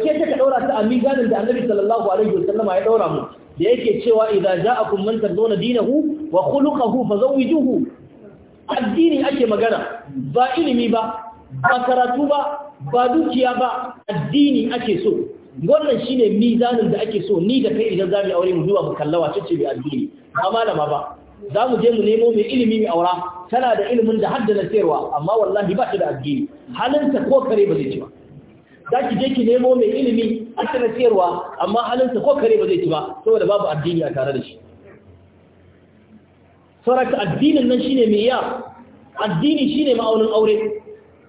kake ta ka daura ta a mizanin da Annabi sallallahu alaihi wasallama ya daura mu da yake cewa idza ja'akum man tardawna dinahu wa khuluquhu fazawwijuhu addini ake magana ba ilimi ba ba karatu ba ba dukiya ba addini ake so wannan shine mizanin da ake so ni da kai idan zamu aure mu zuwa mu kallawa bi addini ba malama ba za mu je mu nemo mai ilimi mai aura tana da ilimin da haddana sayarwa amma wallahi ba ta da addini halinta ko kare ba zai ci ba za ki je ki nemo mai ilimi haddana sayarwa amma halinta ko kare ba zai ci ba saboda babu addini a tare da shi saraka addinin nan shine mai ya addini shine ma'aunin aure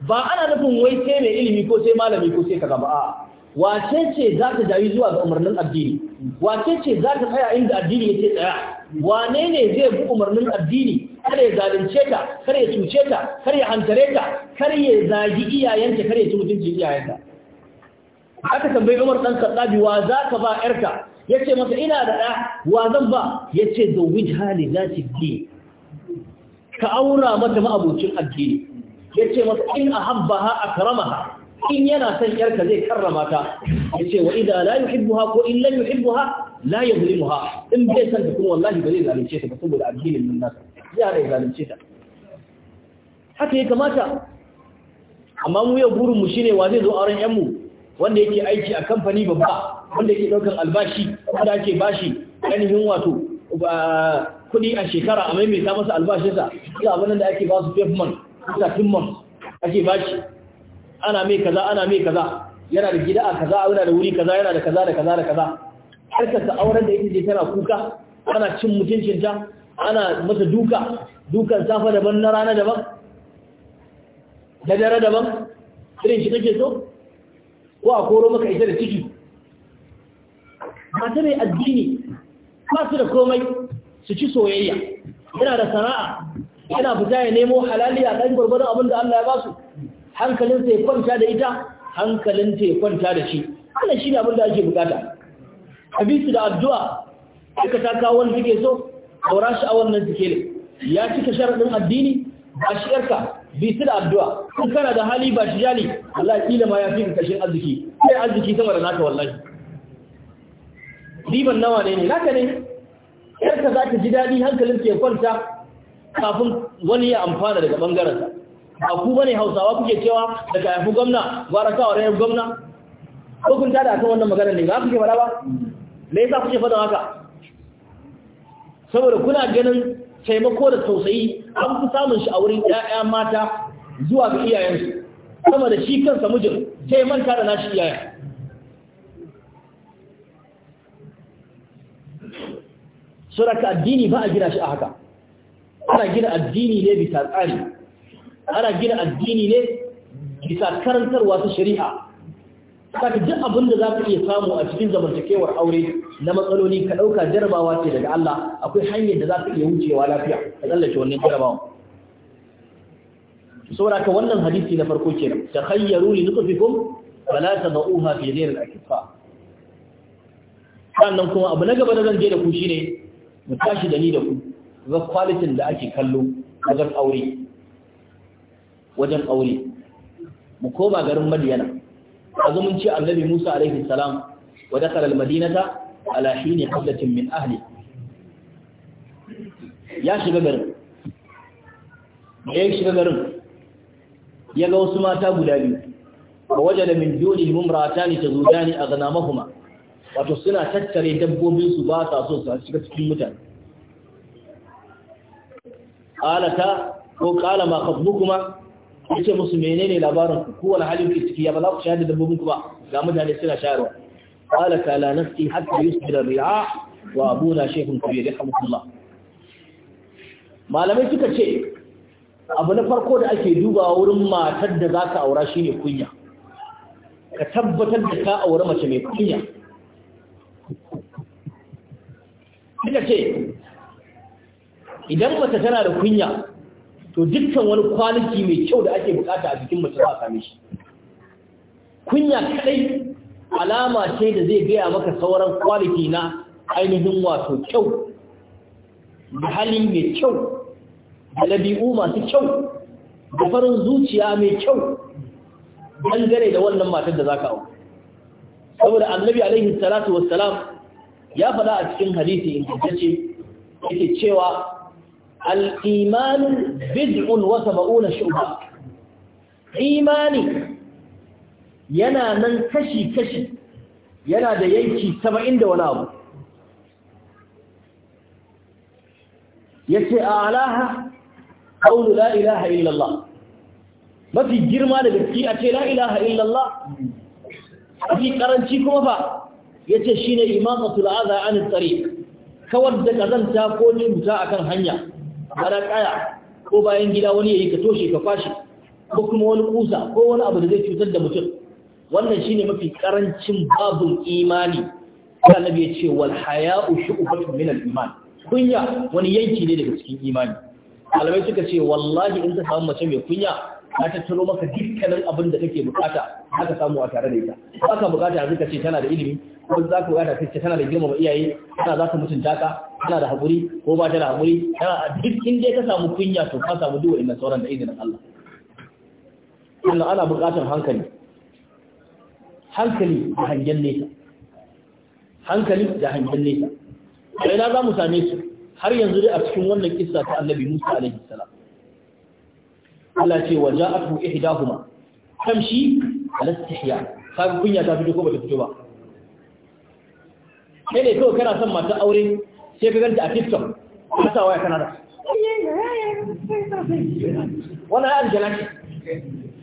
ba ana nufin wai sai mai ilimi ko sai malami ko sai kaza ba a'a wace ce za ta jayi zuwa ga umarnin addini wace ce za ta tsaya inda addini yake tsaya wane ne zai bi umarnin addini kar ya zalunce ta kar ya cuce ta kar ya hantare ta kar ya zagi iyayenta kar ya ci mutuncin iyayenta aka tambayi Umar dan kaddabi wa za ka ba yarka yace masa ina da da wa zan ba yace da wijha li zati din ka aura mata ma abucin addini yace masa in ahabbaha akramaha in yana son yarka zai karrama ta ce wa idza la ha? ko in la yuhibbuha la ha? in bai san ta kuma wallahi ba zai zalunce ta ba saboda addinin nan nasa ya rai zalunce ta haka ya kamata amma mu yau burin mu shine wa zai zo auren yan mu wanda yake aiki a kamfani babba wanda yake daukan albashi wanda ake bashi ainihin wato kudi a shekara a maimaita masa albashinsa ina abin da ake ba su 5 ake bashi ana mai kaza ana mai kaza yana da gida a kaza yana da wuri kaza yana da kaza da kaza da kaza harkar ta auren da ita tana kuka ana cin mutuncinta ana mata duka dukan safa daban na rana daban da dare daban irin shi take so ko a koro maka ita da ciki mata mai addini ba su da komai su ci soyayya yana da sana'a yana fita ya nemo halali a ɗan gwargwadon abin da Allah ya ba su hankalinsa ya kwanta da ita hankalinta ya kwanta da shi ana shi ne abin da ake bukata hadisi da addu'a aka ta kawo wanda take so daura shi a wannan ne. ya cika sharadin addini ba shi yarka bi su da addu'a kun kana da hali ba shi jali Allah kila ma ya fi kashin arziki sai arziki sama da naka wallahi riban nawa ne ne naka ne yarka za ta ji daɗi hankalinta ya kwanta kafin wani ya amfana daga sa ba ku bane hausawa kuke cewa daga yafi gwamna gwara kawo yafi gwamna ko kun tada akan wannan magana ne ba kuke fada ba me yasa kuke fada haka saboda kuna ganin taimako da tausayi an fi samun shi a wurin ƴaƴa mata zuwa ga iyayensu kuma da shi kansa mijin sai manta da nashi iyayen suraka addini ba a gina shi a haka ana gina addini ne bisa tsari ana gina addini ne bisa karantarwa ta shari'a saka duk abin da za ka iya samu a cikin zamantakewar aure na matsaloli ka ɗauka jarabawa ce daga Allah akwai hanyar da za ka iya wucewa lafiya ka tsallake wannan jarabawan saboda ka wannan hadisi na farko ke kenan takhayyaru li nutfikum fala tadauha fi ghayr al-akfa sannan kuma abu na gaba da zan je da ku shine mu tashi da ni da ku ga quality da ake kallo wajen aure wajen aure mu koma garin madiyana a azumunci annabi musa alaihi salam wa dakhala almadinata ala ne qablatin min ahli ya shiga garin ya shiga garin ya ga wasu mata guda biyu wa wajada min dunihim a tazudani aghnamahuma wato suna tattare dabbobin su ba sa so su shiga cikin mutane qalata ko qala ma qablu ya ce musu menene labarin ku kowane halin ke ciki ya ba za ku shayar da dabbobinku ba ga mutane suna shayarwa qala ka la nafsi hatta yusbira ri'a wa abuna shaykhun da rahimahullah malamai suka ce abu na farko da ake duba wurin matar da za ka aura shine kunya ka tabbatar da ka aura mace mai kunya suka ce idan mace tana da kunya to dukkan wani kwaliki mai kyau da ake bukata a jikin mace ba a same shi kunya kadai alama ce da zai gaya maka sauran kwaliki na ainihin wato kyau da hali mai kyau da labi'u masu kyau da farin zuciya mai kyau dangane da wannan matar da za ka hau. saboda annabi alaihi salatu wassalam ya faɗa a cikin hadisi ce yake cewa al'imanin bid'un wata ba'una shuba imani yana nan kashi-kashi yana da yanki saba'in da wani abu ya ce a alaha ƙaunu la'ilaha illallah mafi girma da gaske a ce la'ilaha illallah mafi ƙaranci kuma ba ya ce shi ne imamatul aza an tsari kawar da ƙazanta ko cuta akan hanya bara kaya ko bayan gida wani yayi ka toshe ka fashi ko kuma wani kusa ko wani abu da zai cutar da mutum wannan shine mafi karancin babun imani nabi ya ce wal haya'u shu'batun min al iman kunya wani yanki ne daga cikin imani malamai suka ce wallahi in ka samu mace mai kunya ta tattaro maka dukkanin abin da kake bukata haka samu a tare da ita haka bukata yanzu ka ce tana da ilimi ko za ka gada kace kana da ba iyaye kana za ka mutunta ka kana da hakuri ko ba ta da hakuri kana duk in dai ka samu kunya to ka samu duwa ina sauran da idan Allah Allah ana buƙatar hankali hankali da hangen nesa hankali da hangen nesa sai ina za mu same su har yanzu dai a cikin wannan kissa ta annabi Musa alaihi salam Allah ce wa ja'atu ihdahuma tamshi ala istihya kaga kunya ta fito ko ba ta fito ba kai ne kawai kana son masu aure sai ka ganta a tiktok ka sa waya kana da ya ayar jalaki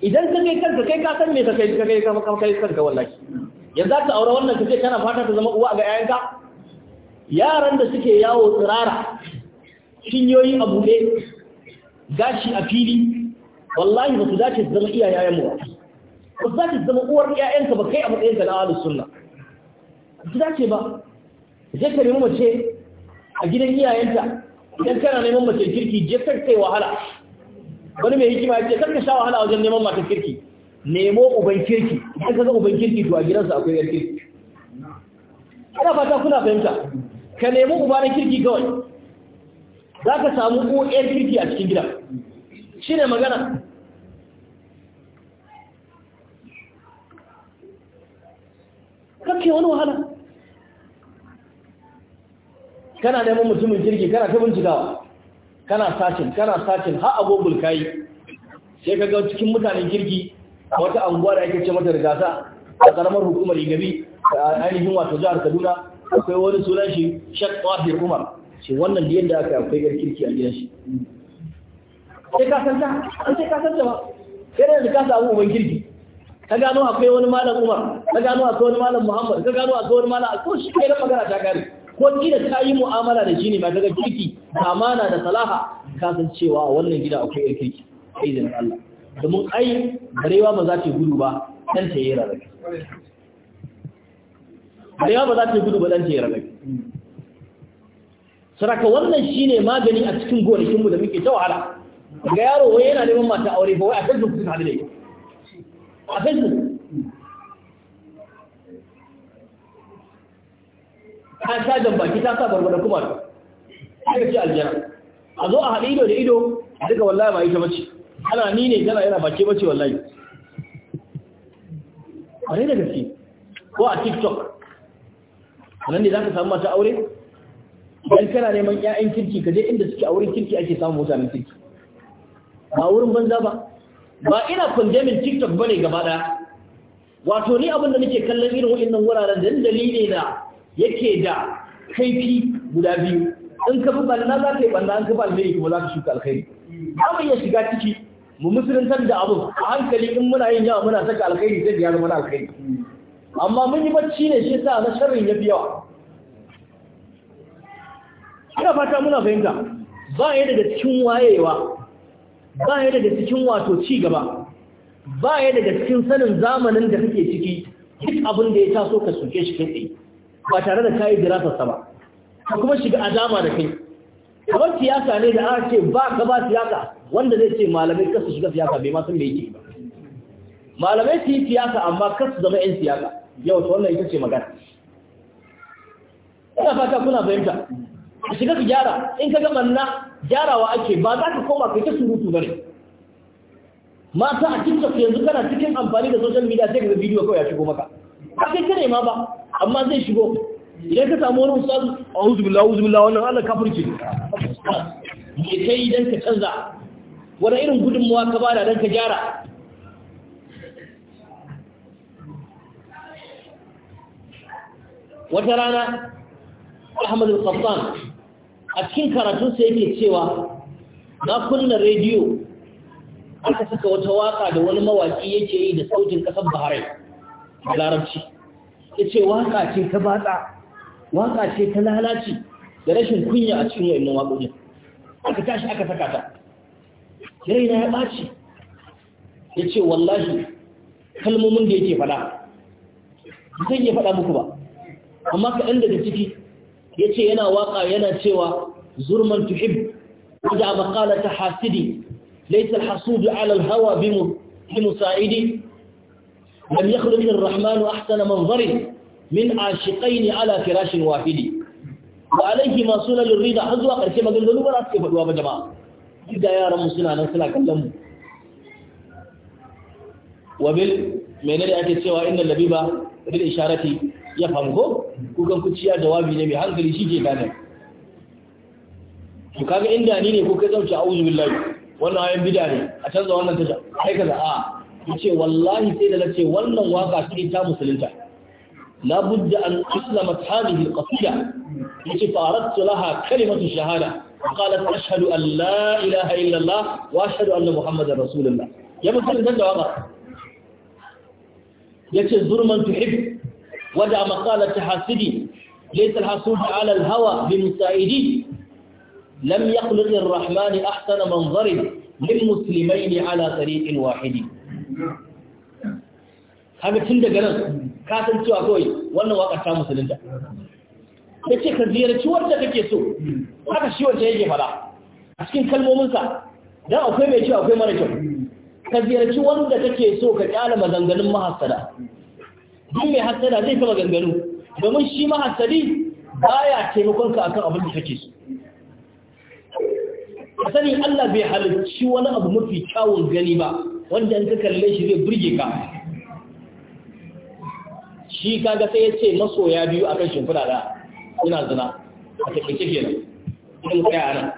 idan ka kai kanka kai ka san me ka kai ka kai ka kai kanka wallahi yanzu aure wannan ka ce kana fata ta zama uwa ga yayanka yaran da suke yawo tsirara cinyoyi a buɗe gashi a fili wallahi ba su dace su zama yayan mu ba ba dace su zama uwar ‘ya'yanka ba kai a matsayin ka na ahalus sunna ba dace ba je ka nemi mace a gidan iyayenta idan kana neman mace kirki je ka kai wahala wani mai hikima ya ce kan ka sha wahala wajen neman mata kirki nemo uban kirki idan ka ga uban kirki to a gidansa akwai yar kirki ina fata kuna fahimta ka nemi uba na kirki kawai za ka samu ko yar kirki a cikin gida shi ne magana kake wani wahala kana neman mutumin kirki kana ta bincikawa kana sacin kana sacin har a google kayi sai ka ga cikin mutanen kirki wata anguwa da ake ce mata rigasa a karamar hukumar igabi a ainihin wato jihar kaduna akwai wani sunan shi shek tsafir umar shi wannan da yadda aka akwai yar kirki a gidan shi sai ka san ta an sai ka san ta ba sai da ka samu uban kirki ka gano akwai wani malam umar ka gano akwai wani malam muhammad ka gano akwai wani malam akwai shi kai na magana ta kare ko kila ka yi mu'amala da shi ne ba daga kirki kama amana da salaha kasancewa wannan gida akwai yar kirki sai da Allah domin ai barewa ba za ta gudu ba dan ta yi rarrabe barewa ba za ta gudu ba dan ta yi rarrabe saraka wannan shine magani a cikin gonakin mu da muke ta wahala ga yaro wai yana neman mata aure ba wai a Facebook sun hadu da a Facebook an sha jan baki ta sa barbada kuma ta sai ce aljana a zo a haɗe ido da ido duka wallahi ba ita bace ana ni ne tana yana baki bace wallahi a da gaske ko a tiktok nan ne za ka samu mata aure idan kana neman ƴaƴan kirki ka je inda suke auren kirki ake samun mutanen kirki ba wurin banza ba ba ina condemning tiktok bane gaba ɗaya. wato ni abin da nake kallon irin wa'annan wuraren dandali ne da yake da kaifi guda biyu in ka fi banna za ka yi banna in ka fi kuma za ka shuka alkhairi za mu iya shiga ciki mu musuluntar da abu a hankali in muna yin yawa muna saka alkhairi zai biya mana alkhairi amma mun yi bacci ne shi sa na sharrin ya fi yawa ina fata muna fahimta ba ya daga cikin wayewa ba ya daga cikin wato ci gaba ba ya daga cikin sanin zamanin da kake ciki duk abin da ya taso ka soke shi kai tsaye ba tare da kayi dirasarsa ba ka kuma shiga adama da kai kamar siyasa ne da aka ce ba ka ba siyasa wanda zai ce malamai kasu shiga siyasa bai masu san me yake malamai su yi siyasa amma kasu zama yan siyasa yau ta wannan ita ce magana ina fata kuna fahimta a shiga ka gyara in ka gama na gyarawa ake ba za ka koma kai ta surutu bane mata a tiktok yanzu kana cikin amfani da social media sai ka ga bidiyo kawai ya shigo maka ba kai ma ba amma zai shigo idan ka samu wani ustazu a'udhu billahi a'udhu billahi wannan Allah kafirci me kai idan ka canza wani irin gudunmuwa ka bada dan ka gyara wata rana Ahmad al-Qassan a cikin karatun sai yake cewa na kunna rediyo aka saka wata waka da wani mawaki yake yi da sautin kasar Bahrain larabci ya ce waka ce ta batsa waka ce ta lalaci da rashin kunya a cikin yayin waƙoƙin aka tashi aka saka ta yayin ya ɓaci ya ce wallahi kalmomin da yake faɗa zai iya faɗa muku ba amma kaɗan daga ciki ya ce yana waƙa yana cewa zurman tuhib wajen ta hasidi laisar hasudu alal hawa bi musa'idi lam yakhluq ar-rahman ahsana manzarin min ashiqain ala firashin wahidi wa alayhi ma sunan ar-rida har zuwa a maganganu ba za su faduwa ba jama'a duk da yaran suna nan suna kallon mu wa menene ake cewa innal labiba bil isharati ya fango kukan kuciya jawabi ne mai hankali shi ke gane to kaga inda ni ne ko kai zauce ne a canza wannan tasha a yace wallahi sai da nace wannan waka ce ta musulunta la budda an aslamat hadhihi alqasida yace fa aradtu laha kalimatu shahada qalat ashhadu an la ilaha illa allah wa ashhadu anna muhammadar rasulullah ya musulunta da waka yace zurman tuhib wada maqalat hasidi laysa alhasud ala alhawa bimusaidi لم يخلق الرحمن أحسن منظر للمسلمين على طريق واحد kaga tun daga nan ka san cewa kawai wannan waka ta musulunta ya ce ka ziyarci wanda kake so haka shi wanda yake fara a cikin kalmominsa don akwai mai kyau akwai mara kyau ka ziyarci wanda kake so ka kyala maganganun mahassada duk mai hassada zai fi maganganu domin shi mahassadi baya taimakon ka akan abin da kake so ka sani Allah bai halicci wani abu mafi kyawun gani ba wanda ka kalle shi zai burge ka shi kaga sai ya ce masoya biyu akan shimfiɗa da suna zina a taƙaice kenan in kai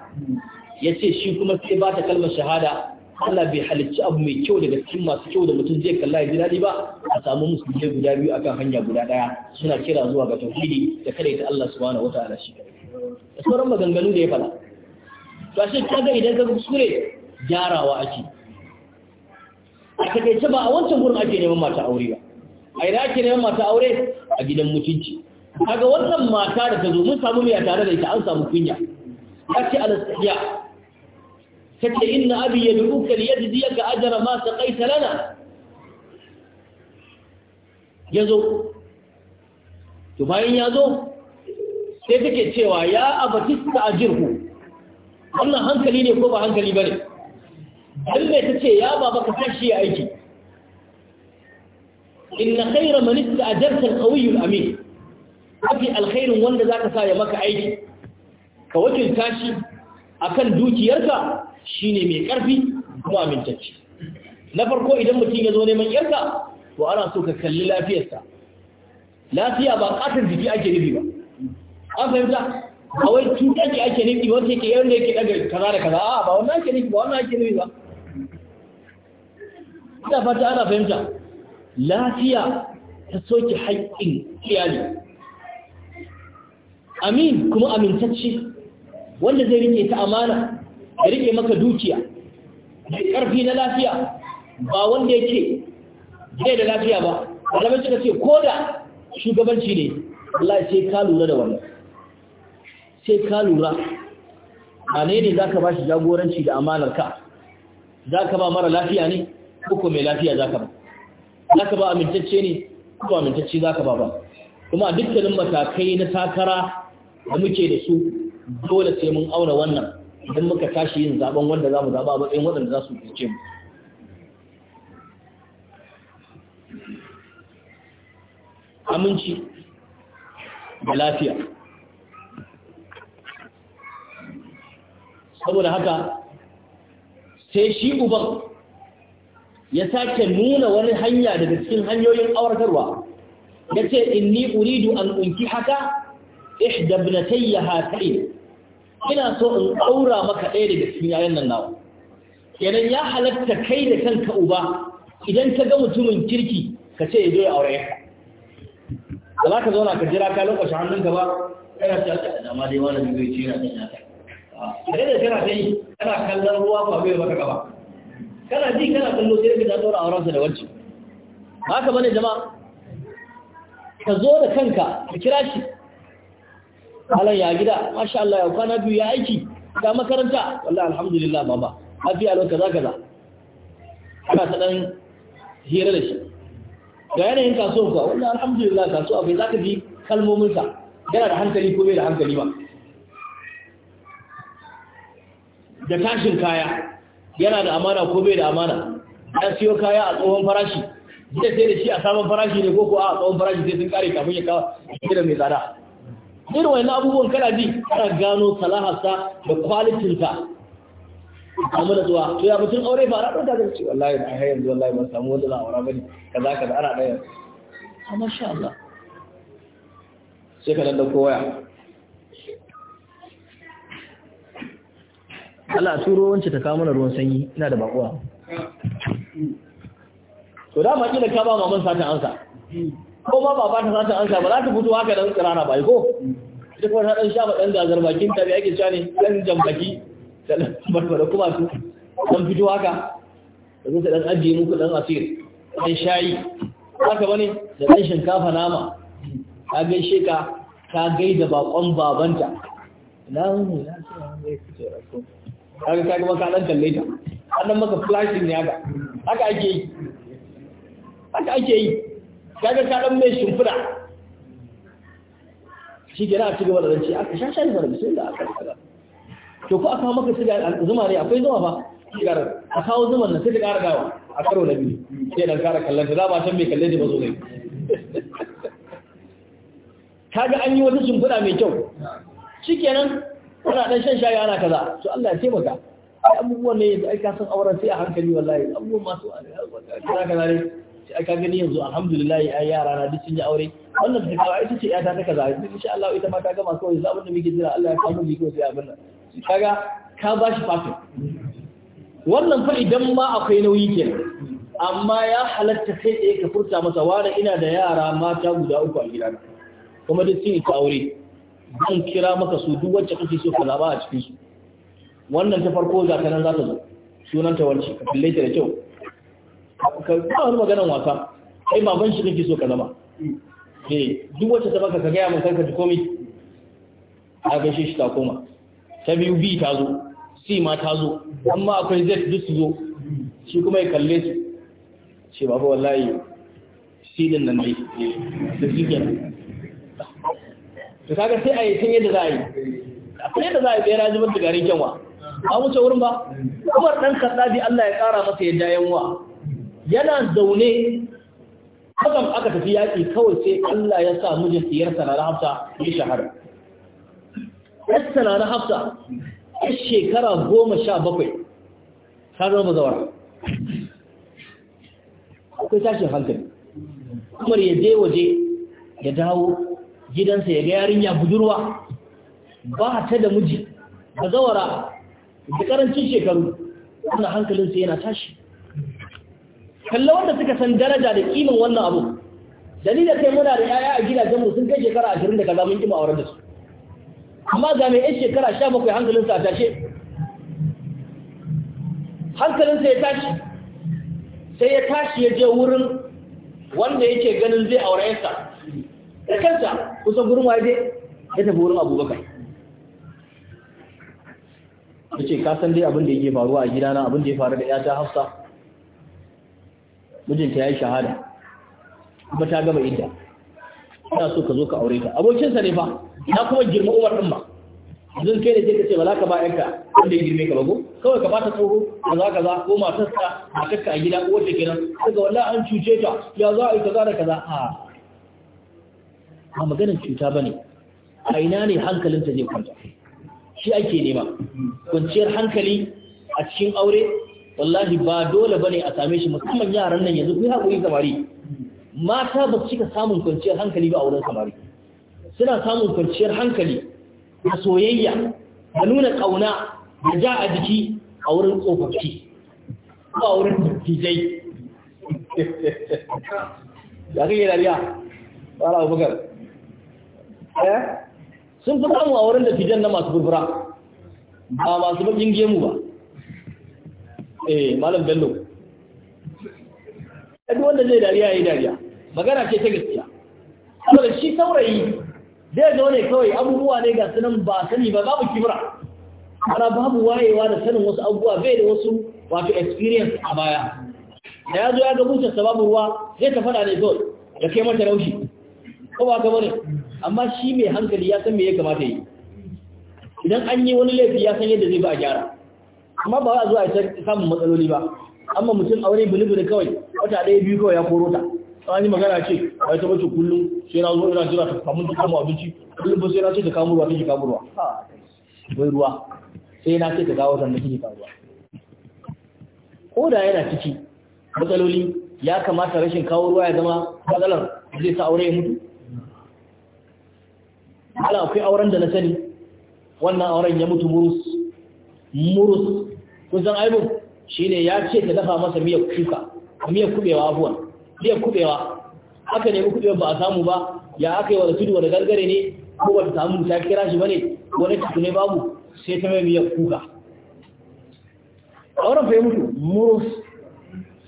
ya ce shi kuma sai ba ta kalmar shahada Allah bai halicci abu mai kyau daga cikin masu kyau da mutum zai kalla ya ji daɗi ba a samu musulmai guda biyu akan hanya guda ɗaya suna kira zuwa ga tauhidi da kada ta Allah subhanahu wata'ala shi da sauran maganganu da ya fada to shi kaga idan ka kuskure gyarawa ake a takaice ba a wancan wurin ake neman mata aure ba a ina ake neman mata aure a gidan mutunci kaga wannan mata da ta zo mun samu miya tare da ita an samu kunya ta ce alastahiya ta ce inna abi ya duka li yajziyaka ajra ma saqaita lana zo? to bayan ya zo sai take cewa ya abatista ajirhu wannan hankali ne ko ba hankali ba ne? dan mai ta ce ya baba ka tashi ya aiki inna khayra man ista'jarta al-qawiyyu al-amin kafi alkhairin wanda zaka sa ya maka aiki ka wakilta shi akan dukiyarka shine mai karfi kuma amintacce na farko idan mutum ya zo neman yarka to ana so ka kalli lafiyarsa lafiya ba katar jiki ake nufi ba an fahimta a wai cutar ake nufi wanda yake yanda yake daga kaza da kaza a ba wannan ake nufi ba wannan ake nufi ba ina fata ana fahimta lafiya ta soke haƙƙin iyali amin kuma amintacce wanda zai rike ta amana ya rike maka dukiya da ƙarfi na lafiya ba wanda yake zai da lafiya ba malamai cika ce ko da shugabanci ne Allah sai ka lura da wannan sai ka lura a ne ne za ka ba shi jagoranci da amanar ka za ka ba mara lafiya ne ko mai lafiya za ka ba za ka ba amintacce ne ko amintacce za ka ba ba kuma dukkanin matakai na takara da muke da su dole sai mun auna wannan idan muka tashi yin zaben wanda za mu zaba a matsayin waɗanda za su fice mu aminci da lafiya saboda haka sai shi uban ya sake nuna wani hanya daga cikin hanyoyin auratarwa ya ce inni uridu an unki haka ihdabnatayya hatain ina so in aura maka ɗaya daga cikin yayan nan nawa kenan ya halatta kai da kanka uba idan ka ga mutumin kirki ka ce ya zo ya aure ka za ka zauna ka jira ka lokaci hannunka ba kana ta ta da ma dai wani bai ce na ɗan ya kai da kana ta yi kana kallon ruwa ba bai baka gaba kana ji kana kallo sai ka daura aurensa da wacce. ba ka bane jama'a ka zo da kanka ka kira shi halan ya gida masha Allah ya kwana biyu ya aiki ga makaranta wallahi alhamdulillah baba a alon kaza kaza ana ta dan hira da shi ga yanayin kaso ka wallahi alhamdulillah kasuwa bai zaka ji kalmomin sa yana da hankali ko bai da hankali ba da tashin kaya yana da amana ko bai da amana ya siyo kaya a tsohon farashi zai sai da shi a sabon farashi ne ko ko a tsohon farashi sai sun kare kafin ya kawo da mai tsada irin wani abubuwan kana bi kana gano salahasta da kwalitinta a da zuwa to ya mutun aure ba raɗo da zai ce wallahi na hayyan da wallahi ban samu wanda za a aura bane kaza kaza ana ɗaya amma sha Allah sai ka dan dauko waya Allah a turo wance ta kawo mana ruwan sanyi ina da bakuwa to da maki da ka ba maman sata ansa ko ba baba ta sata ansa ba za ta fito haka dan tsirana ba ko Duk wani ta shafa sha dan da bakin ta bi ake sha ne dan jambaki da barbara kuma su dan fito haka da zai dan ajiye muku dan asir dan shayi haka bane da dan shinkafa nama ka gaishe ka ka gaida bakon babanta na mu na ce an gaishe ka kaga ka kuma ka dan talle ta an dan maka flashing ne haka haka ake yi haka ake yi kaga ka dan mai shimfida shi ke na a cigaba da rance aka sha shayi mara sai da aka kaga to ko aka maka sigar zuma ne akwai zuma fa sigar a kawo zuman na sai da ƙara gawa a karo na biyu sai dan ƙara kallon za ba san mai kalle da ba zo ne kaga an yi wata shimfida mai kyau shikenan kana dan shan shayi ana kaza to Allah ya taimaka ai abubuwan ne da aika san auren sai a hankali wallahi abubuwan masu kaza kaza ne sai aka gani yanzu alhamdulillah ai yara na duk sun yi aure wannan da kawai ita ce yata ta kaza insha Allah ita ma ta gama so yanzu abin da muke jira Allah ya kawo mu sai abin nan kaga ka ba shi fatu wannan fa idan ma akwai nauyi kenan amma ya halatta sai ɗaya ka furta masa wani ina da yara mata guda uku a gidana kuma duk sun yi aure zan kira maka su duk wacce kake so ka zaba a cikin su wannan ta farko ga nan za ta zo sunan ta wance ka kalle ta da kyau ka ba wani maganan wasa kai baban shi kake so ka zama eh duk wacce ta baka ka gaya min kanka ji komai a gaishe shi ta koma ta biyu bi ta zo si ma ta zo amma akwai zai duk su zo shi kuma ya kalle su ce baba wallahi sidin nan dai da shi to kaga sai a yi tun yadda za a yi akwai yadda za a yi na zubar da garin kyanwa A wuce wurin ba umar ɗan bi Allah ya ƙara masa yadda yanwa yana zaune kasan aka tafi yaƙi kawai sai Allah ya sa mijin tsiyarsa na Hafsa ya shahara yarsa na Hafsa a shekara goma sha bakwai ta zama zawar akwai tashin hankali umar ya je waje ya dawo gidansa ya ga yarinya budurwa ba ta da miji ba zawara da karancin shekaru wannan hankalinsa yana tashi kalla wanda suka san daraja da kimin wannan abu dalila kai muna da yaya a gidajenmu sun kai shekara 20 da kaza mun kima auren da su amma ga mai shekara sha bakwai hankalinsa a tashe hankalinsa ya tashi sai ya tashi ya je wurin wanda yake ganin zai aure sa da kansa kusa gurin waje ya tafi wurin abubakar ya ce kasan dai abin da yake faruwa a gidana abin da ya faru da ta hafsa mijinta ya yi shahada kuma ta gaba idda ina so ka zo ka aure ta abokinsa ne fa na kuma girma Umar din ba zan kai da ke ka ce ba za ka ba yanka wanda ya girme ka bago kawai ka bata tsoro ka za ka za ko matarsa matarka a gida uwar ta kenan daga wallah an cuce ta ya za a yi kaza da kaza a ba maganin cuta ba ne a ina ne hankalinta zai kwanta shi ake nema kwanciyar hankali a cikin aure wallahi ba dole ba ne a same shi musamman yaran nan yanzu kuma haƙuri samari mata ba su cika samun kwanciyar hankali ba a wurin samari suna samun kwanciyar hankali a soyayya da nuna ƙauna da ja a jiki a wurin tsofaffi ko a wurin dijai kai yi dariya ba abubakar Eh? sun fi samu a wurin da fijan na masu burbura ba masu bakin gemu ba eh malam bello duk wanda zai dariya ya yi dariya magana ce ta gaskiya saboda shi saurayi zai zo ne kawai abubuwa ne ga sunan ba sani ba babu kibra ana babu wayewa da sanin wasu abubuwa bai da wasu wato experience a baya da ya zo ya ga butar sababin ruwa zai ta fada ne kawai da kai mata raushi ko ba ka bane amma shi mai hankali ya san me ya kamata yi idan an yi wani laifi ya san yadda zai ba a gyara amma ba za a zuwa a samun matsaloli ba amma mutum aure bulubulu kawai wata ɗaya biyu kawai ya koro ta an yi magana ce a yi tabbaci kullum sai na zo ina jira ta kamun ta kama abinci kullum ba sai na ce ta kamurwa ruwa ta ke kamurwa. ruwa wai ruwa sai na ce ta kawo sannan ta ke kamurwa. ruwa ko da yana ciki matsaloli ya kamata rashin kawo ruwa ya zama matsalar zai sa aure ya mutu ala akwai auren da na sani wannan auren ya mutu murus murus kun san aibun shine ya ce ta dafa masa miyar kuka miyar kubewa abuwan miyar kubewa haka ne kubewa ba a samu ba ya aka yi wa tudu wani gargare ne ko ba ta samu ta kira shi ba ne wani cikin ne babu sai ta mai miyar kuka auren fa yi mutu murus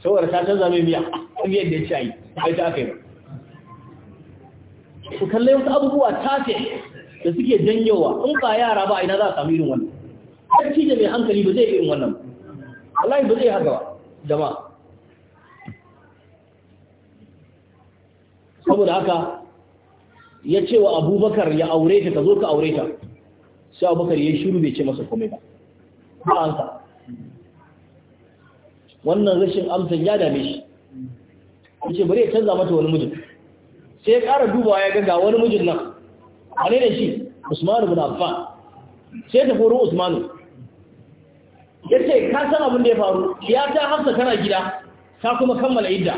saboda ta canza mai miya miyar da ya ci a yi ta aka yi ba Su kalle wasu abubuwa tafe da suke janyowa in ba yara ba ina za a samu irin wannan sarki da mai hankali ba zai irin wannan Allah ba zai haka ba jama'a saboda haka ya ce wa abubakar ya aure ta ka zo ka aure ta sai abubakar ya shiru bai ce masa komai ba ba an sa wannan rashin amsan ya dame shi ya ce bari ya canza mata wani mijin sai ya ƙara duba ya ga wani mijin nan wane da shi usmanu bin affan sai ta horon usmanu ya ce ka san abin da ya faru ya ta hafsa tana gida ta kuma kammala idda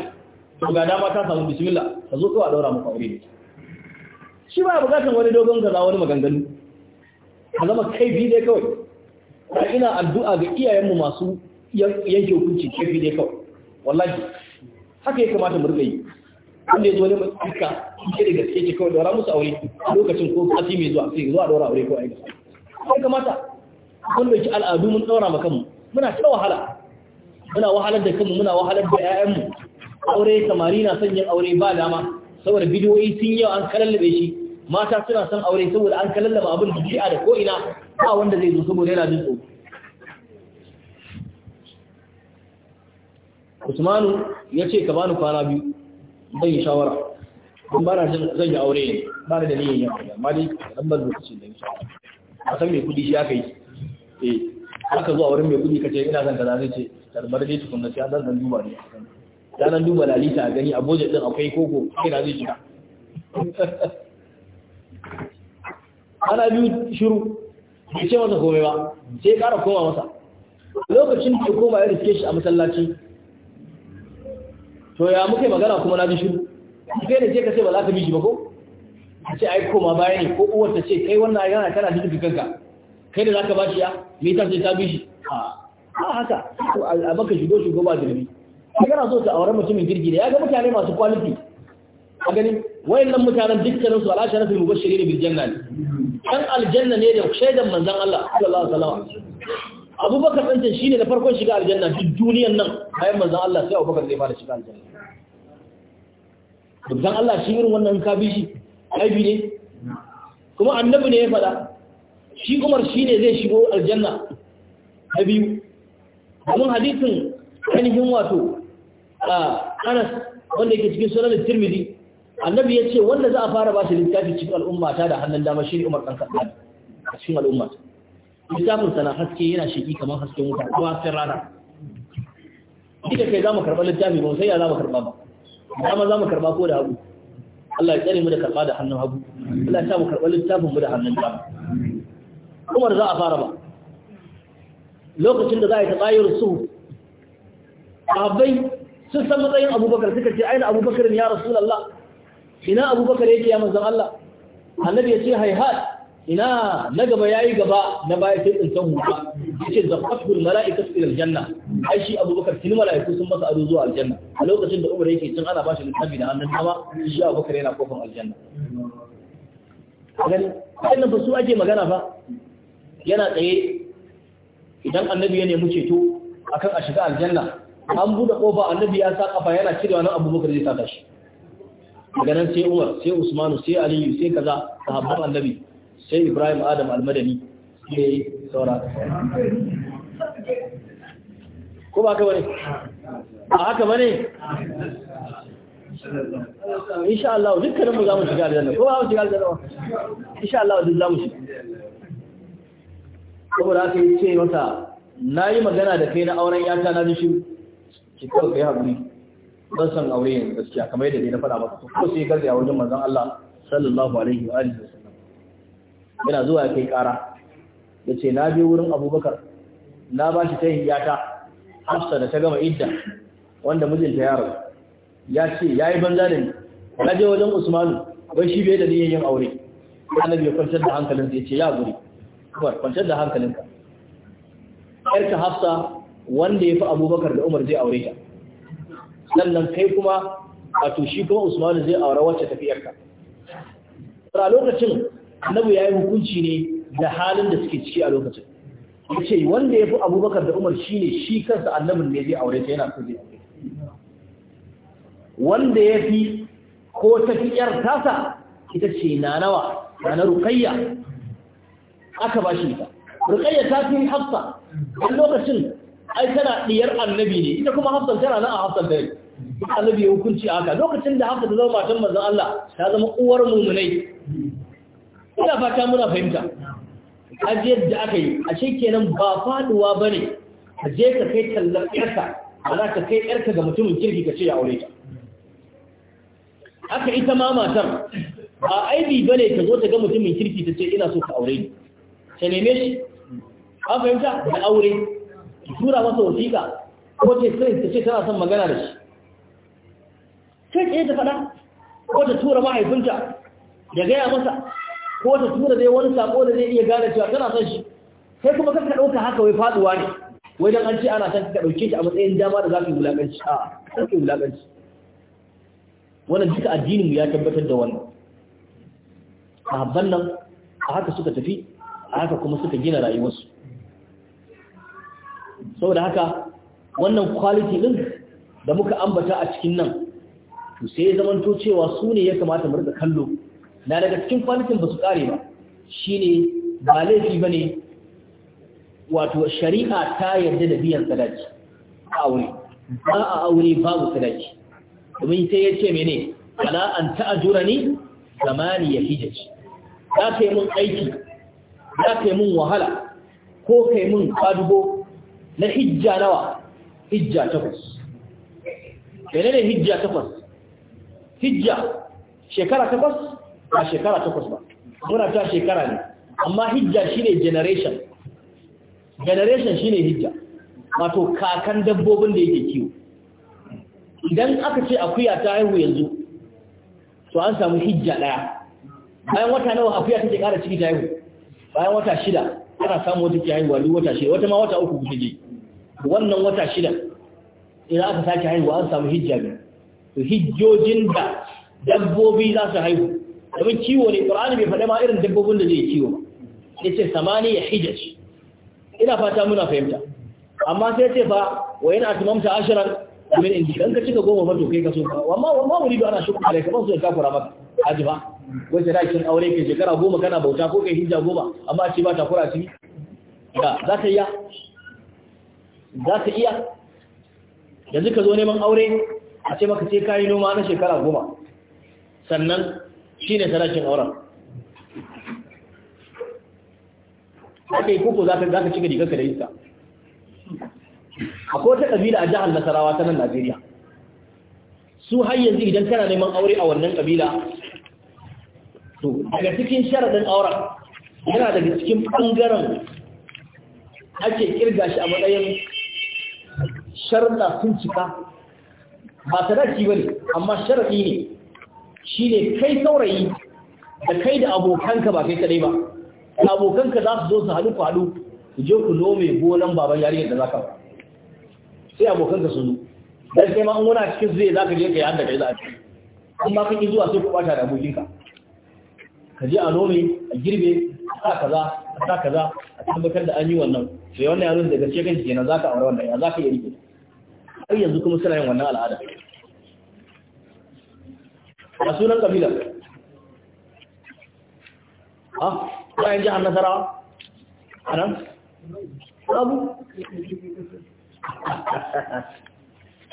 to ga dama ta samu bismillah ta zo kawai a daura maka aure shi ba bukatar wani dogon kaza wani maganganu a zama kaifi dai kawai ta ina addu'a ga iyayenmu masu yanke hukunci kaifi dai kawai wallahi haka ya kamata mu rika yi wanda ya zo ne iska shi da gaske ke kawai dora musu aure a lokacin ko kasi mai zuwa sai zuwa dora aure ko aiki sai kamata kun dauki al'adu mun daura ma kanmu muna ta wahala muna wahalar da kanmu muna wahalar da ƴaƴanmu aure samari na son yin aure ba dama saboda bidiyoyi sun yau an kalallabe shi mata suna son aure saboda an kalallaba abin da da ko ina ba wanda zai zo saboda yana jin tsoro Usmanu ya ce ka bani kwana biyu zan yi shawara don ba na zan yi aure ne ba na da niyan yin aure amma dai dan ban lokacin da insha shawara a san mai kudi shi aka yi eh aka zo wurin mai kudi kace ina zan kaza zai ce tarbar dai tukunna sai dan dan duba ne da nan duba lalita a gani a din akwai koko kira zai shiga ana biyu shiru bai ce masa komai ba sai kara koma masa lokacin da koma ya riske shi a masallaci to ya muke magana kuma na ji shiru sai da je ka ce ba za ka bi shi ba ko a ce ai koma baya ne ko uwar ta ce kai wannan yana kana ji duka kanka kai da zaka bashi ya me yasa sai ta bi shi a haka to a maka shigo shigo ba dirbi kana so ta aure mutumin girgi da ya ga mutane masu kwaliti. a gani wayannan mutanen dukkanin su ala sharatul mubashirin bil janna ne dan aljanna ne da shaidan manzon Allah sallallahu alaihi wasallam abubakar ɗan shi ne da farkon shiga aljanna duk duniyan nan bayan manzan Allah sai abubakar zai fara shiga aljanna Duk zan Allah shi irin wannan ka shi aibi ne kuma annabi ne ya faɗa shi umar shi ne zai shigo aljanna a biyu domin hadisin ainihin wato a anas wanda yake cikin sunan tirmidhi annabi ya ce wanda za a fara ba shi littafi cikin al'umma ta da hannun dama shi ne umar ɗan kaɗa a cikin al'umma ta Littafinsa na haske yana shiki kamar hasken wuta kuma hasken rana duka kai za mu karɓa littafi ba sai ya za mu karɓa ba dama za mu karɓa ko da hagu Allah ya tsare mu da karɓa da hannun hagu Allah ya sa mu karɓa littafin mu da hannun ta. Umar za a fara ba lokacin da za a yi ta tsayar su abai sun san matsayin abubakar suka ce aina abubakar ya rasu rasulullah ina abubakar yake ya manzon Allah annabi ya ce hayhat ina na gaba ya yi gaba na baya sai tsintan ce yace zafatul su ila aljanna ai shi abubakar kin malaiku sun masa ado zuwa aljanna a lokacin da umar yake cin ana bashi littafi da hannun dama shi abubakar yana kofin aljanna gani nan ba su ake magana ba? yana tsaye idan annabi ya nemi ceto akan a shiga aljanna an buɗe ƙofa annabi ya sa ƙafa yana cire wani abubakar zai sa shi daga nan sai umar sai usmanu sai aliyu sai kaza sahabban annabi sai ibrahim adam almadani ne saura ko ba ka bane a haka bane insha Allah dukkanin mu za mu shiga aljanna ko ba mu shiga aljanna insha Allah duk za mu shiga saboda haka yace mata nayi magana da kai na auren yata na dishi ki kawo kai hakuri ban san aure ne gaskiya kamar yadda dai na faɗa maka ko sai garzaya wajen manzon Allah sallallahu alaihi wa alihi yana zuwa ya kai ƙara ya ce na bi wurin abubakar na ba shi tayin yata hafsa da ta gama idda wanda mijinta ya rabu ya ce ya yi banza da ni na je wajen usmanu bai shi bai da niyan yin aure annabi ya kwantar da hankalin ya ce ya guri kawai kwantar da hankalinka ka hafsa wanda ya fi abubakar da umar zai aure ta sannan kai kuma a to shi kuma usmanu zai aure wacce tafi yarka a lokacin annabi ya yi hukunci ne da halin da suke ciki a lokacin ya ce wanda ya fi abubakar da umar shi ne shi kansa annabin ne zai aure ta yana so zai wanda ya fi ko 'yar tasa ita ce na nawa na rukayya aka ba shi ita rukayya ta fi hafsa wani lokacin ai tana ɗiyar annabi ne ita kuma hafsan tana nan a hafsan dare annabi ya hukunci haka lokacin da hafsa ta zama matan manzan Allah ta zama uwar mumunai ina fata muna fahimta ajiyar yadda aka yi a kenan ba faduwa ba ne ka je ka kai tallar yarka ba za ka kai yarka ga mutumin kirki ka ce ya aure ta aka ita ma matar ba aibi ba ne ka zo ta ga mutumin kirki ta ce ina so ka aure ta neme shi ba fahimta da aure ki tura masa wasiƙa ko ce sai ta ce tana son magana da shi sai ta faɗa ko ta tura mahaifinta ya gaya masa ko ta tura dai wani sako da zai iya gane cewa tana son shi sai kuma kanka ɗauka haka wai faduwa ne wai dan an ce ana son ka ɗauke shi a matsayin dama da za ka yi wulaƙanci a ɗauke wulaƙanci wannan duka addinin mu ya tabbatar da wannan sahabban nan a haka suka tafi a haka kuma suka gina rayuwarsu saboda haka wannan quality din da muka ambata a cikin nan to sai zamanto cewa su ne ya kamata mu rika kallo na daga cikin kwanakin ba su kare ba Shi ne ba laifi ba ne, wato shari'a ta yarda da biyan sadaki a aure ba a aure babu sadaki domin sai ya ce mene ala an ta'ajura ni zamani ya hijaj za ka yi mun aiki za ka yi mun wahala ko ka yi mun kwadugo na hijja nawa hijja takwas mene ne hijja takwas hijja shekara takwas a shekara takwas ba muna ta shekara ne amma hijja shine generation generation shine hijja wato kakan dabbobin da yake kiwo idan aka ce akuya ta haihu yanzu to an samu hijja daya bayan wata nawa akuya take ƙara ciki ta haihu bayan wata shida ana samu wata ke haihuwa duk wata shida wata ma wata uku je, wannan wata shida idan aka sake haihuwa an samu hijja ne to hijjojin da dabbobi za su haihu domin ciwo ne qur'ani bai faɗa ma irin dabbobin da zai ciwo ya ce samani ya hijaj ina fata muna fahimta amma sai ce fa wa yana tumamta ashirar? min indi kan ka cika goma fa to kai ka so ba amma wani wuri da ana shukru alai kamar su da kafura maka haji ba wai sai dakin aure ke shekara goma kana bauta ko kai hijja goma amma ce ba ta kura ci da za ka iya za ka iya yanzu ka zo neman aure a ce maka ce kayi noma na shekara goma sannan shi ne sarakin auren ake koko za ka cika rigarka da iska akwai wata kabila a jihar nasarawa ta nan najeriya su har yanzu idan tana neman aure a wannan kabila to daga cikin sharaɗin auren yana daga cikin ɓangaren ake kirga shi a matsayin sharaɗa sun cika ba sadaki ba ne amma sharaɗi ne Shi ne kai saurayi da kai da abokanka ba kai kadai ba abokanka za su zo su haɗu ku haɗu ku je ku nome gonan baban yarinyar da za ka sai abokanka su zo Da sai ma an wuna cikin zuwa ka je kai handa kai za a ci amma kai zuwa sai ku bata da abokinka ka je a nome a girbe a sa kaza a sa kaza a tabbatar da an yi wannan sai wannan yaron da gaske kan za ka aure wannan ya ka yi rike har yanzu kuma suna yin wannan al'ada a sunan kabila ha bayan jihar nasara a nan abu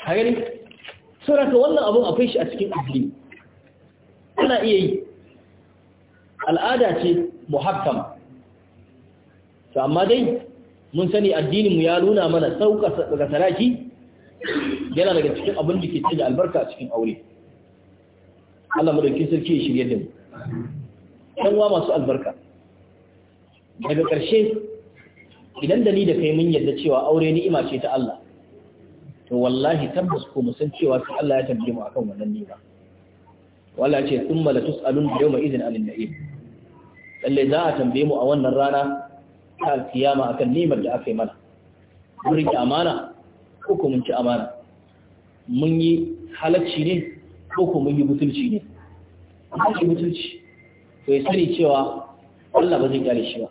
ha gani sauraka wannan abun a shi a cikin ajiye ana iya yi al'ada ce muhakkama to amma dai mun sani addininmu ya nuna mana sauka ga saraki yana daga cikin abin da ke cin albarka a cikin aure Allah madaukin sarki ya shirye da mu ɗan masu albarka daga ƙarshe idan da ni da kai mun yarda cewa aure ni'ima ce ta Allah to wallahi tabbas ko mu san cewa sai Allah ya tambaye mu akan wannan ni'ima wallahi ce thumma la tus'alun yawma idhin anil na'im lalle za a tambaye mu a wannan rana ta kiyama akan ni'imar da aka yi mana mun rike amana ko ko mun ci amana mun yi halacci ne ko mun yi mutunci ne mun yi mutunci to ya sani cewa Allah ba zai kare shi ba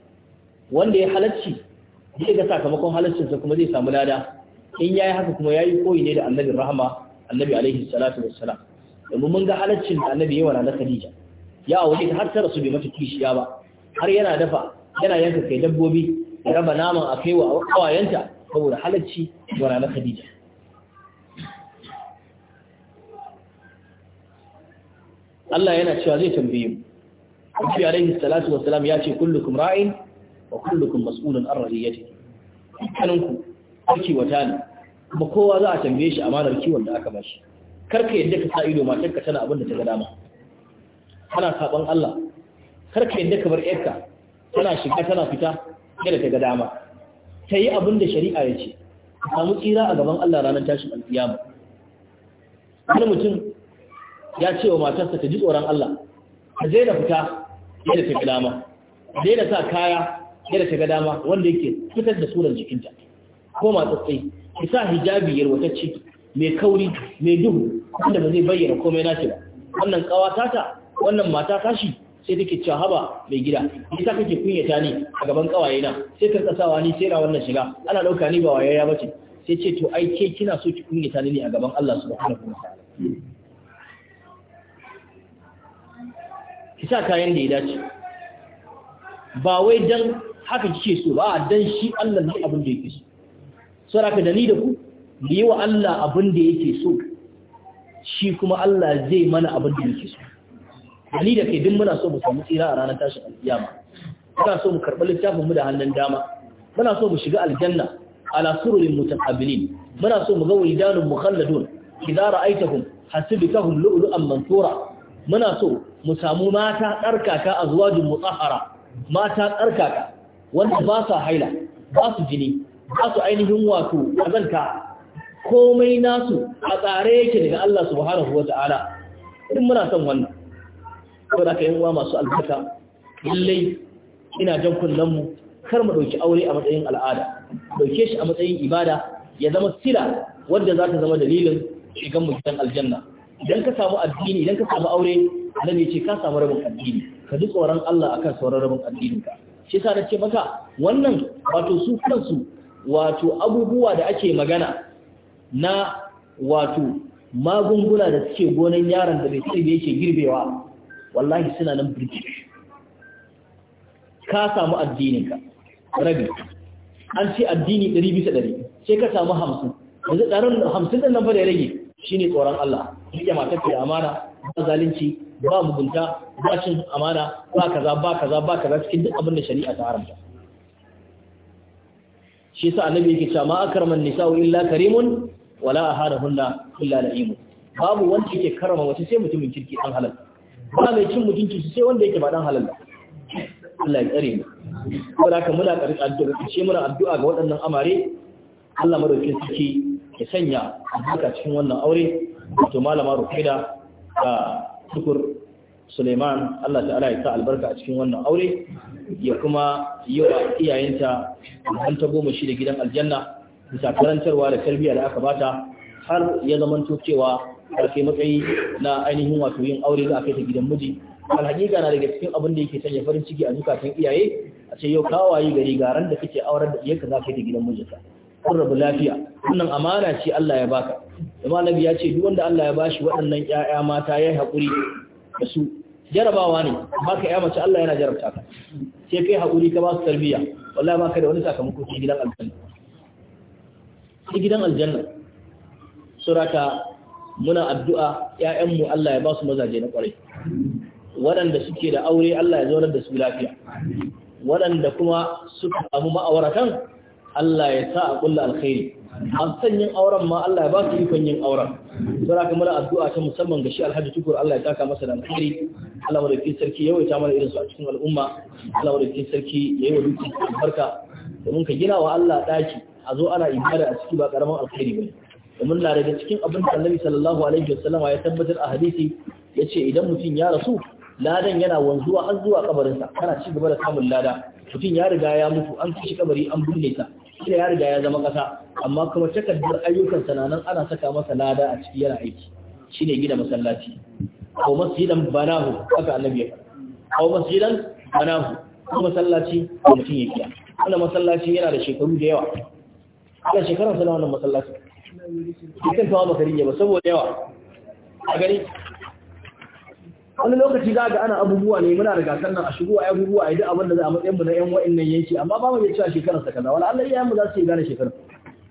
wanda ya halarci zai ga sakamakon halarcinsa kuma zai samu lada in yayi haka kuma yayi koyi ne da annabin rahama annabi alaihi salatu wassalam domin mun ga halaccin da annabi yawa na Khadija ya aure ta har ta rasu bai mata kishiya ba har yana dafa yana yanka kai dabbobi ya raba naman a kaiwa kawayenta saboda halacci wa na Khadija Allah yana cewa zai tambaye mu Nabi alaihi salatu wassalam ya ce kullukum ra'in wa kullukum mas'ulun an rahiyati. kanunku kike wata ne kuma kowa za a tambaye shi amanar kiwon da aka bashi karka yadda ka sa ido matar ka tana abin da ta ga dama kana sabon Allah karka yadda ka bar yarka tana shiga tana fita yadda ta ga dama ta yi abin da shari'a ya ce ka samu tsira a gaban Allah ranar tashin alƙiyama wani mutum ya ce wa matarsa ta ji tsoron Allah ka daina fita ya da ga dama daina sa kaya ya da dama wanda yake fitar da tsoron jikinta ko matsatsai ki sa hijabi yarwatacce mai kauri mai duhu wanda ba zai bayyana komai nashi ba wannan kawa ta wannan mata tashi sai take cewa haba mai gida ni sa kake kunyata ni a gaban kawaye na sai ka tsasawa ni sai ra wannan shiga ana ɗauka ni ba wayayya bace sai ce to ai ke kina so ki kunyata ni a gaban Allah subhanahu wa ta'ala ki sa kayan da ya dace ba wai dan haka kike so ba dan shi Allah ne abin da yake so saboda da dani da ku mu yi wa Allah abin da yake so shi kuma Allah zai mana abin da yake so dani da kai din muna so mu samu tsira a ranar tashin alkiyama muna so mu karɓi littafin mu da hannun dama muna so mu shiga aljanna ala surulil mutaqabilin muna so mu ga walidanun mukhalladun idza ra'aytahum hasibtahum lu'lu'an mansura muna so mu samu mata tsarkaka a zuwa jin mutsahara mata tsarkaka wanda ba sa haila ba su jini ba su ainihin wato azanta komai nasu a tsare yake daga Allah subhanahu wa ta'ala in muna son wannan ko da kai uwa masu albarka lallai ina jan kunnen mu kar mu ɗauki aure a matsayin al'ada ɗauke shi a matsayin ibada ya zama sila wanda za ta zama dalilin shigan mu gidan aljanna idan ka samu addini idan ka samu aure annabi ce ka samu rabin addini ka ji tsoron Allah akan sauran rabin addinin ka shi yasa nace maka wannan wato su kansu wato abubuwa da ake magana na wato magunguna da suke gonan yaron da bai sai da yake girbewa wallahi suna nan birki ka samu addinin ka rabi an ce addini 100 bisa 100 sai ka samu 50 yanzu ɗarin 50 din nan ba da ya rage shine tsoron Allah rike mata ke amana ba zalunci ba mugunta ba cin amana ba kaza ba kaza ba kaza cikin duk abin da shari'a ta haramta shi yasa annabi yake cewa ma akraman nisa'u illa karimun wala aharahunna illa la'imun babu wanda yake karama wace sai mutumin kirki dan halal ba mai cin mutunci sai wanda yake ba dan halal Allah ya tsare mu saboda haka muna ƙarƙashin addu'a muna addu'a ga waɗannan amare Allah madaukakin sarki ya sanya duka cikin wannan aure to malama rufaida a tukur suleiman allah ta'ala ya sa albarka a cikin wannan aure ya kuma yi wa iyayenta an ta goma shi da gidan aljanna bisa karantarwa da tarbiyya da aka bata har ya zamanto cewa ta matsayi na ainihin wato yin aure za a kai ta gidan miji alhaƙiƙa na daga cikin abin da yake sanya farin ciki a zukatan iyaye a ce yau kawaye gari garan da kake aurar da iyaka za ka yi ta gidan mijinta. kun lafiya wannan amana ce Allah ya baka amma nabi ya ce duk wanda Allah ya bashi waɗannan ƴaƴa mata yayi hakuri da su jarabawa ne baka ƴa mace Allah yana jarabta ka sai kai hakuri ka ba su tarbiya wallahi baka da wani sakamako cikin gidan aljanna cikin gidan aljanna surata muna addu'a mu Allah ya ba su mazaje na ƙwarai waɗanda suke da aure Allah ya zaunar da su lafiya waɗanda kuma suka samu ma'auratan Allah ya sa a kulla alkhairi an sanyin auren ma Allah ya ba su ikon yin auren saboda haka muna addu'a ta musamman ga shi Alhaji Tukur Allah ya taka masa da alkhairi Allah sarki ya yawaita mana irin su a cikin al'umma Allah sarki ya yi wa dukkan albarka domin ka gina wa Allah daki a zo ana ibada a ciki ba karaman alkhairi ba domin na daga cikin abin da Annabi sallallahu alaihi wasallam ya tabbatar a hadisi yace idan mutum ya rasu ladan yana wanzuwa har zuwa kabarinsa kana ci gaba da samun lada mutum ya riga ya mutu an kashi kabari an binne ta shi ya riga ya zama ƙasa amma kuma takardar ayyukan sananan ana saka masa lada a ciki yana aiki shine gina masallaci ko masjidan banahu haka annabi ya ko masjidan banahu ko masallaci ko mutum ya kiya wannan masallaci yana da shekaru da yawa ana shekarar sa wannan masallaci kin tawa bakari ba saboda yawa a gari wani lokaci za ga ana abubuwa ne muna da gasar nan a shigo a abubuwa a yi duk abin da za a matsayin mu na yan wa'in nan yanki amma ba mu iya cewa shekarar sa kaza wala Allah iyayen mu za su yi gane shekarar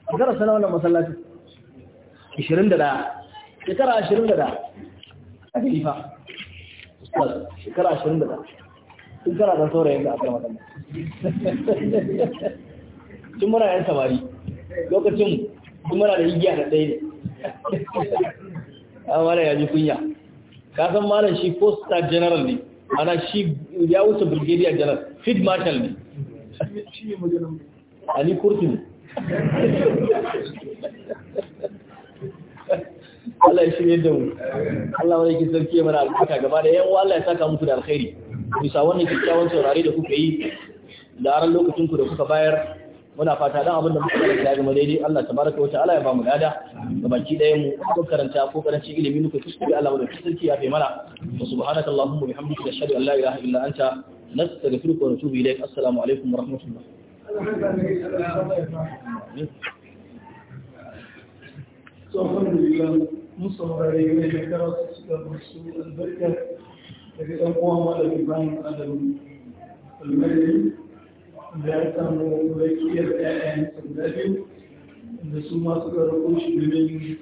shekarar na wannan masallaci 21 shekara 21 aka yi shekara 21 shekara kara da saurayin da aka mata tun muna yan samari lokacin tun muna da igiya da ɗaya ne an wani ya ji kunya ka san malam shi post star general ne ana shi ya wuce brigadier general field marshal ne ali kurtin Allah ya shirye da mu Allah wani kisar ke mana albarka gaba da yan Allah ya saka mutu da alkhairi bisa wannan kyakkyawan saurari da kuka yi da aran lokacin da kuka bayar muna fata dan abin da muka karanta ya zama daidai Allah tabaraka wa ta'ala ya bamu mu lada ga baki daya mu ko karanta ko karanci ilimi muka kuskure Allah mu da sarki ya fi mana subhanaka allahumma bihamdika ashhadu an la ilaha illa anta nastaghfiruka wa natubu ilaik assalamu alaikum wa rahmatullah so alhamdulillah mun saurare ne shekara su da su albarka daga dan uwa Ibrahim Adam almajiri da ya samu rakiyar ƴaƴansa da su ma suka rako shi domin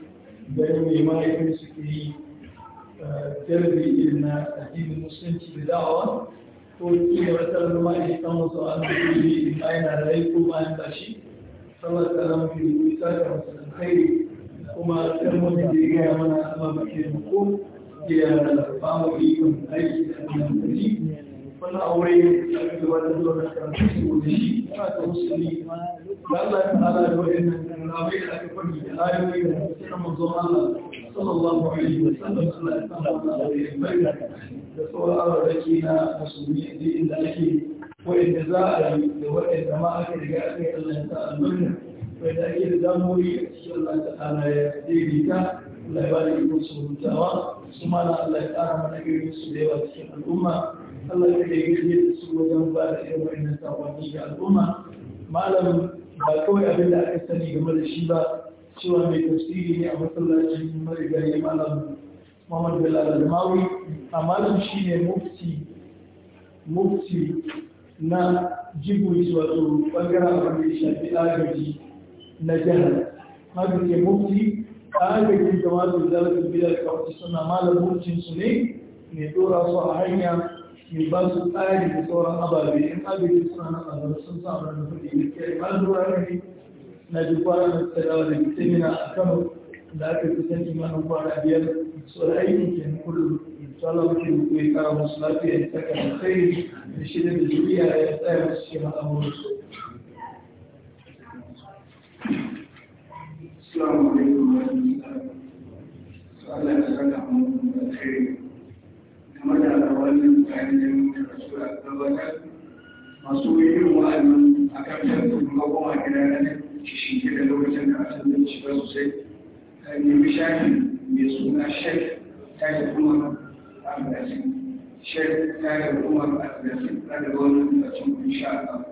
ganin mai mahaifin su ke yi talabijin na addinin musulunci da dawa ko kila wata rama ya samu su an da in bayan rai ko bayan bashi sallar salam fi isa da masu alkhairi kuma kalmomin da ya gaya mana amma ba ke mako ya ba mu ikon aiki da annabi wani aure da ake gabatar da wani karatu su da shi yana da musulmi da Allah da da da na da inda za a yi da wa'anda ma aka riga aka yi Allah ya ta'ala murna da ake da damori shi Allah ya ta'ala ya ta? Allah ya ba da ikon surutawa su na Allah ya mana irin su da yawa cikin al'umma Allah ya kai girme da su wajen ba da irin wa'annan saƙonni ga al'umma malam ba kawai abin da aka sani game da shi ba cewa mai tafsiri ne a masallacin marigayi malam Muhammad Belal Almawi a malam shi ne mufti na Jibuti wato bangaren abin da ya shafi agaji na jihar haka ke mufti agaji da wato gida da kawai suna malam muftin ne ne dora su a hanya ke ba su tsari da sauran ababe in agaji suna nan a zama sun samu nan kuɗi gaskiya imam ruwani na ji kwana na tsarawa da bitamina a kano da aka fi san imanin kwana biyar su da aikin ke kullum sallah muke ku ya kara musu lafiya ya saka da kai da shida da zuriya ya tsaya musu shi ma'amurin su. Assalamu alaikum warahmatullahi wabarakatuh. Allah ya saka mu da kai. game da wannan bayanin da muka rasu a gabatar masu yin wa'azin a kan tattalin kuma kuma gida na ne shi ke da lokacin da asan da ci ba sosai nemi shafi mai suna shek ta yi kuma abdasin shek ta yi kuma abdasin ta da wani lokacin insha Allah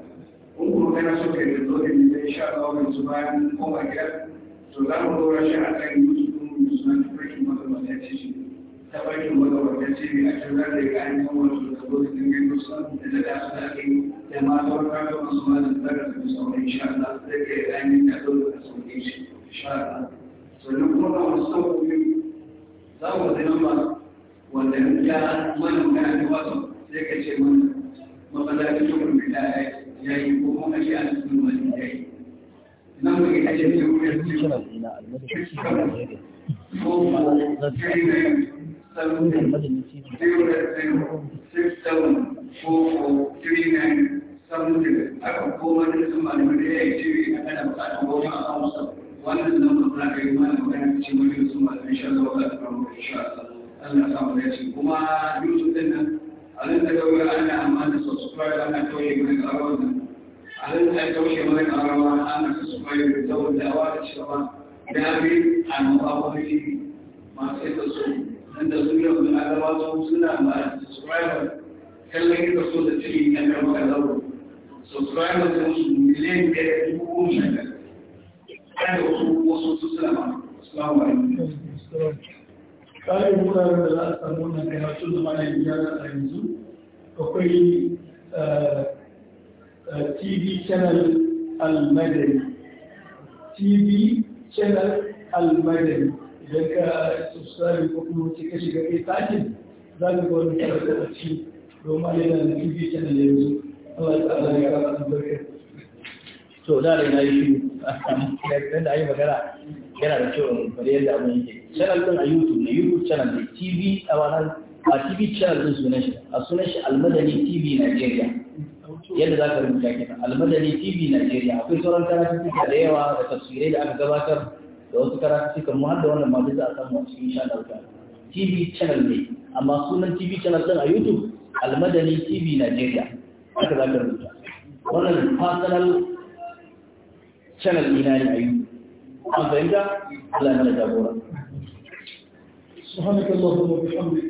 kun kuma kana so ka yi dole ne zai sha Allah wani su bayan kuma gida to za mu dora shi a kan YouTube mai suna tafarkin mazamantaci tafarkin magabatan shiri a shirar da ya ainihin wato da gudun yin musamman da da su da ke da ma sauran da masu mazin tsara da musamman insha Allah da ke ainihin da dole da sauke shi insha Allah sannan kuma ba mu san kuma za mu zama ba wanda ya mana mai ne wato sai ka ce mana mabalaki to kun da yayi ko kuma shi a cikin wani yayi nan mu ga ajin da kuma shi na almadi ko ba da akan koma da sun malamai da ya yi jiri a kan bukatun goma a kan wasu wannan nan ba kuna kai mana magana ce mai sun malamai sha zuwa ga tsaron mai sha Allah sa mu dace kuma YouTube din nan a nan da kawai ana amma da subscribe ana kawai mai karawa nan a nan da kawai mai karawa ana subscribe da zawon dawa da cewa da abin a nan ba wani masu yadda su wanda su da su suna ma subscriber kallon yi da ciki na karfa zauro subscriber sun su miliyan biyar da dubu goma sha biyar kan da wasu wasu su suna ma assalamu alaikum wuraren da za a samu wannan karatu da mana gyara a yanzu akwai eh, eh, tv channel al-madani tv channel al-madani idan ka subscribe ko kuma wuce ka shiga kai sakin za ka ga wani karfi a ci domin yana da tv channel yanzu Allah ta Allah ya kara barka. to da na nayi shi dan da ayi magana yana da kyau bare yadda abun yake channel din a YouTube ne YouTube channel ne TV a wannan a TV channel din sunan shi a sunan shi Almadani TV Nigeria yadda za ka rubuta kenan Almadani TV Nigeria akwai sauran karatu da yawa da tafsirai da aka gabatar da wasu karatu suka mu da wannan ma za a samu a cikin sha tv channel ne amma sunan tv channel ɗin a youtube almadani tv nigeria aka za ka rubuta wannan personal channel ina ne a youtube an fahimta Allah ya mana jagora سبحانك اللهم وبحمدك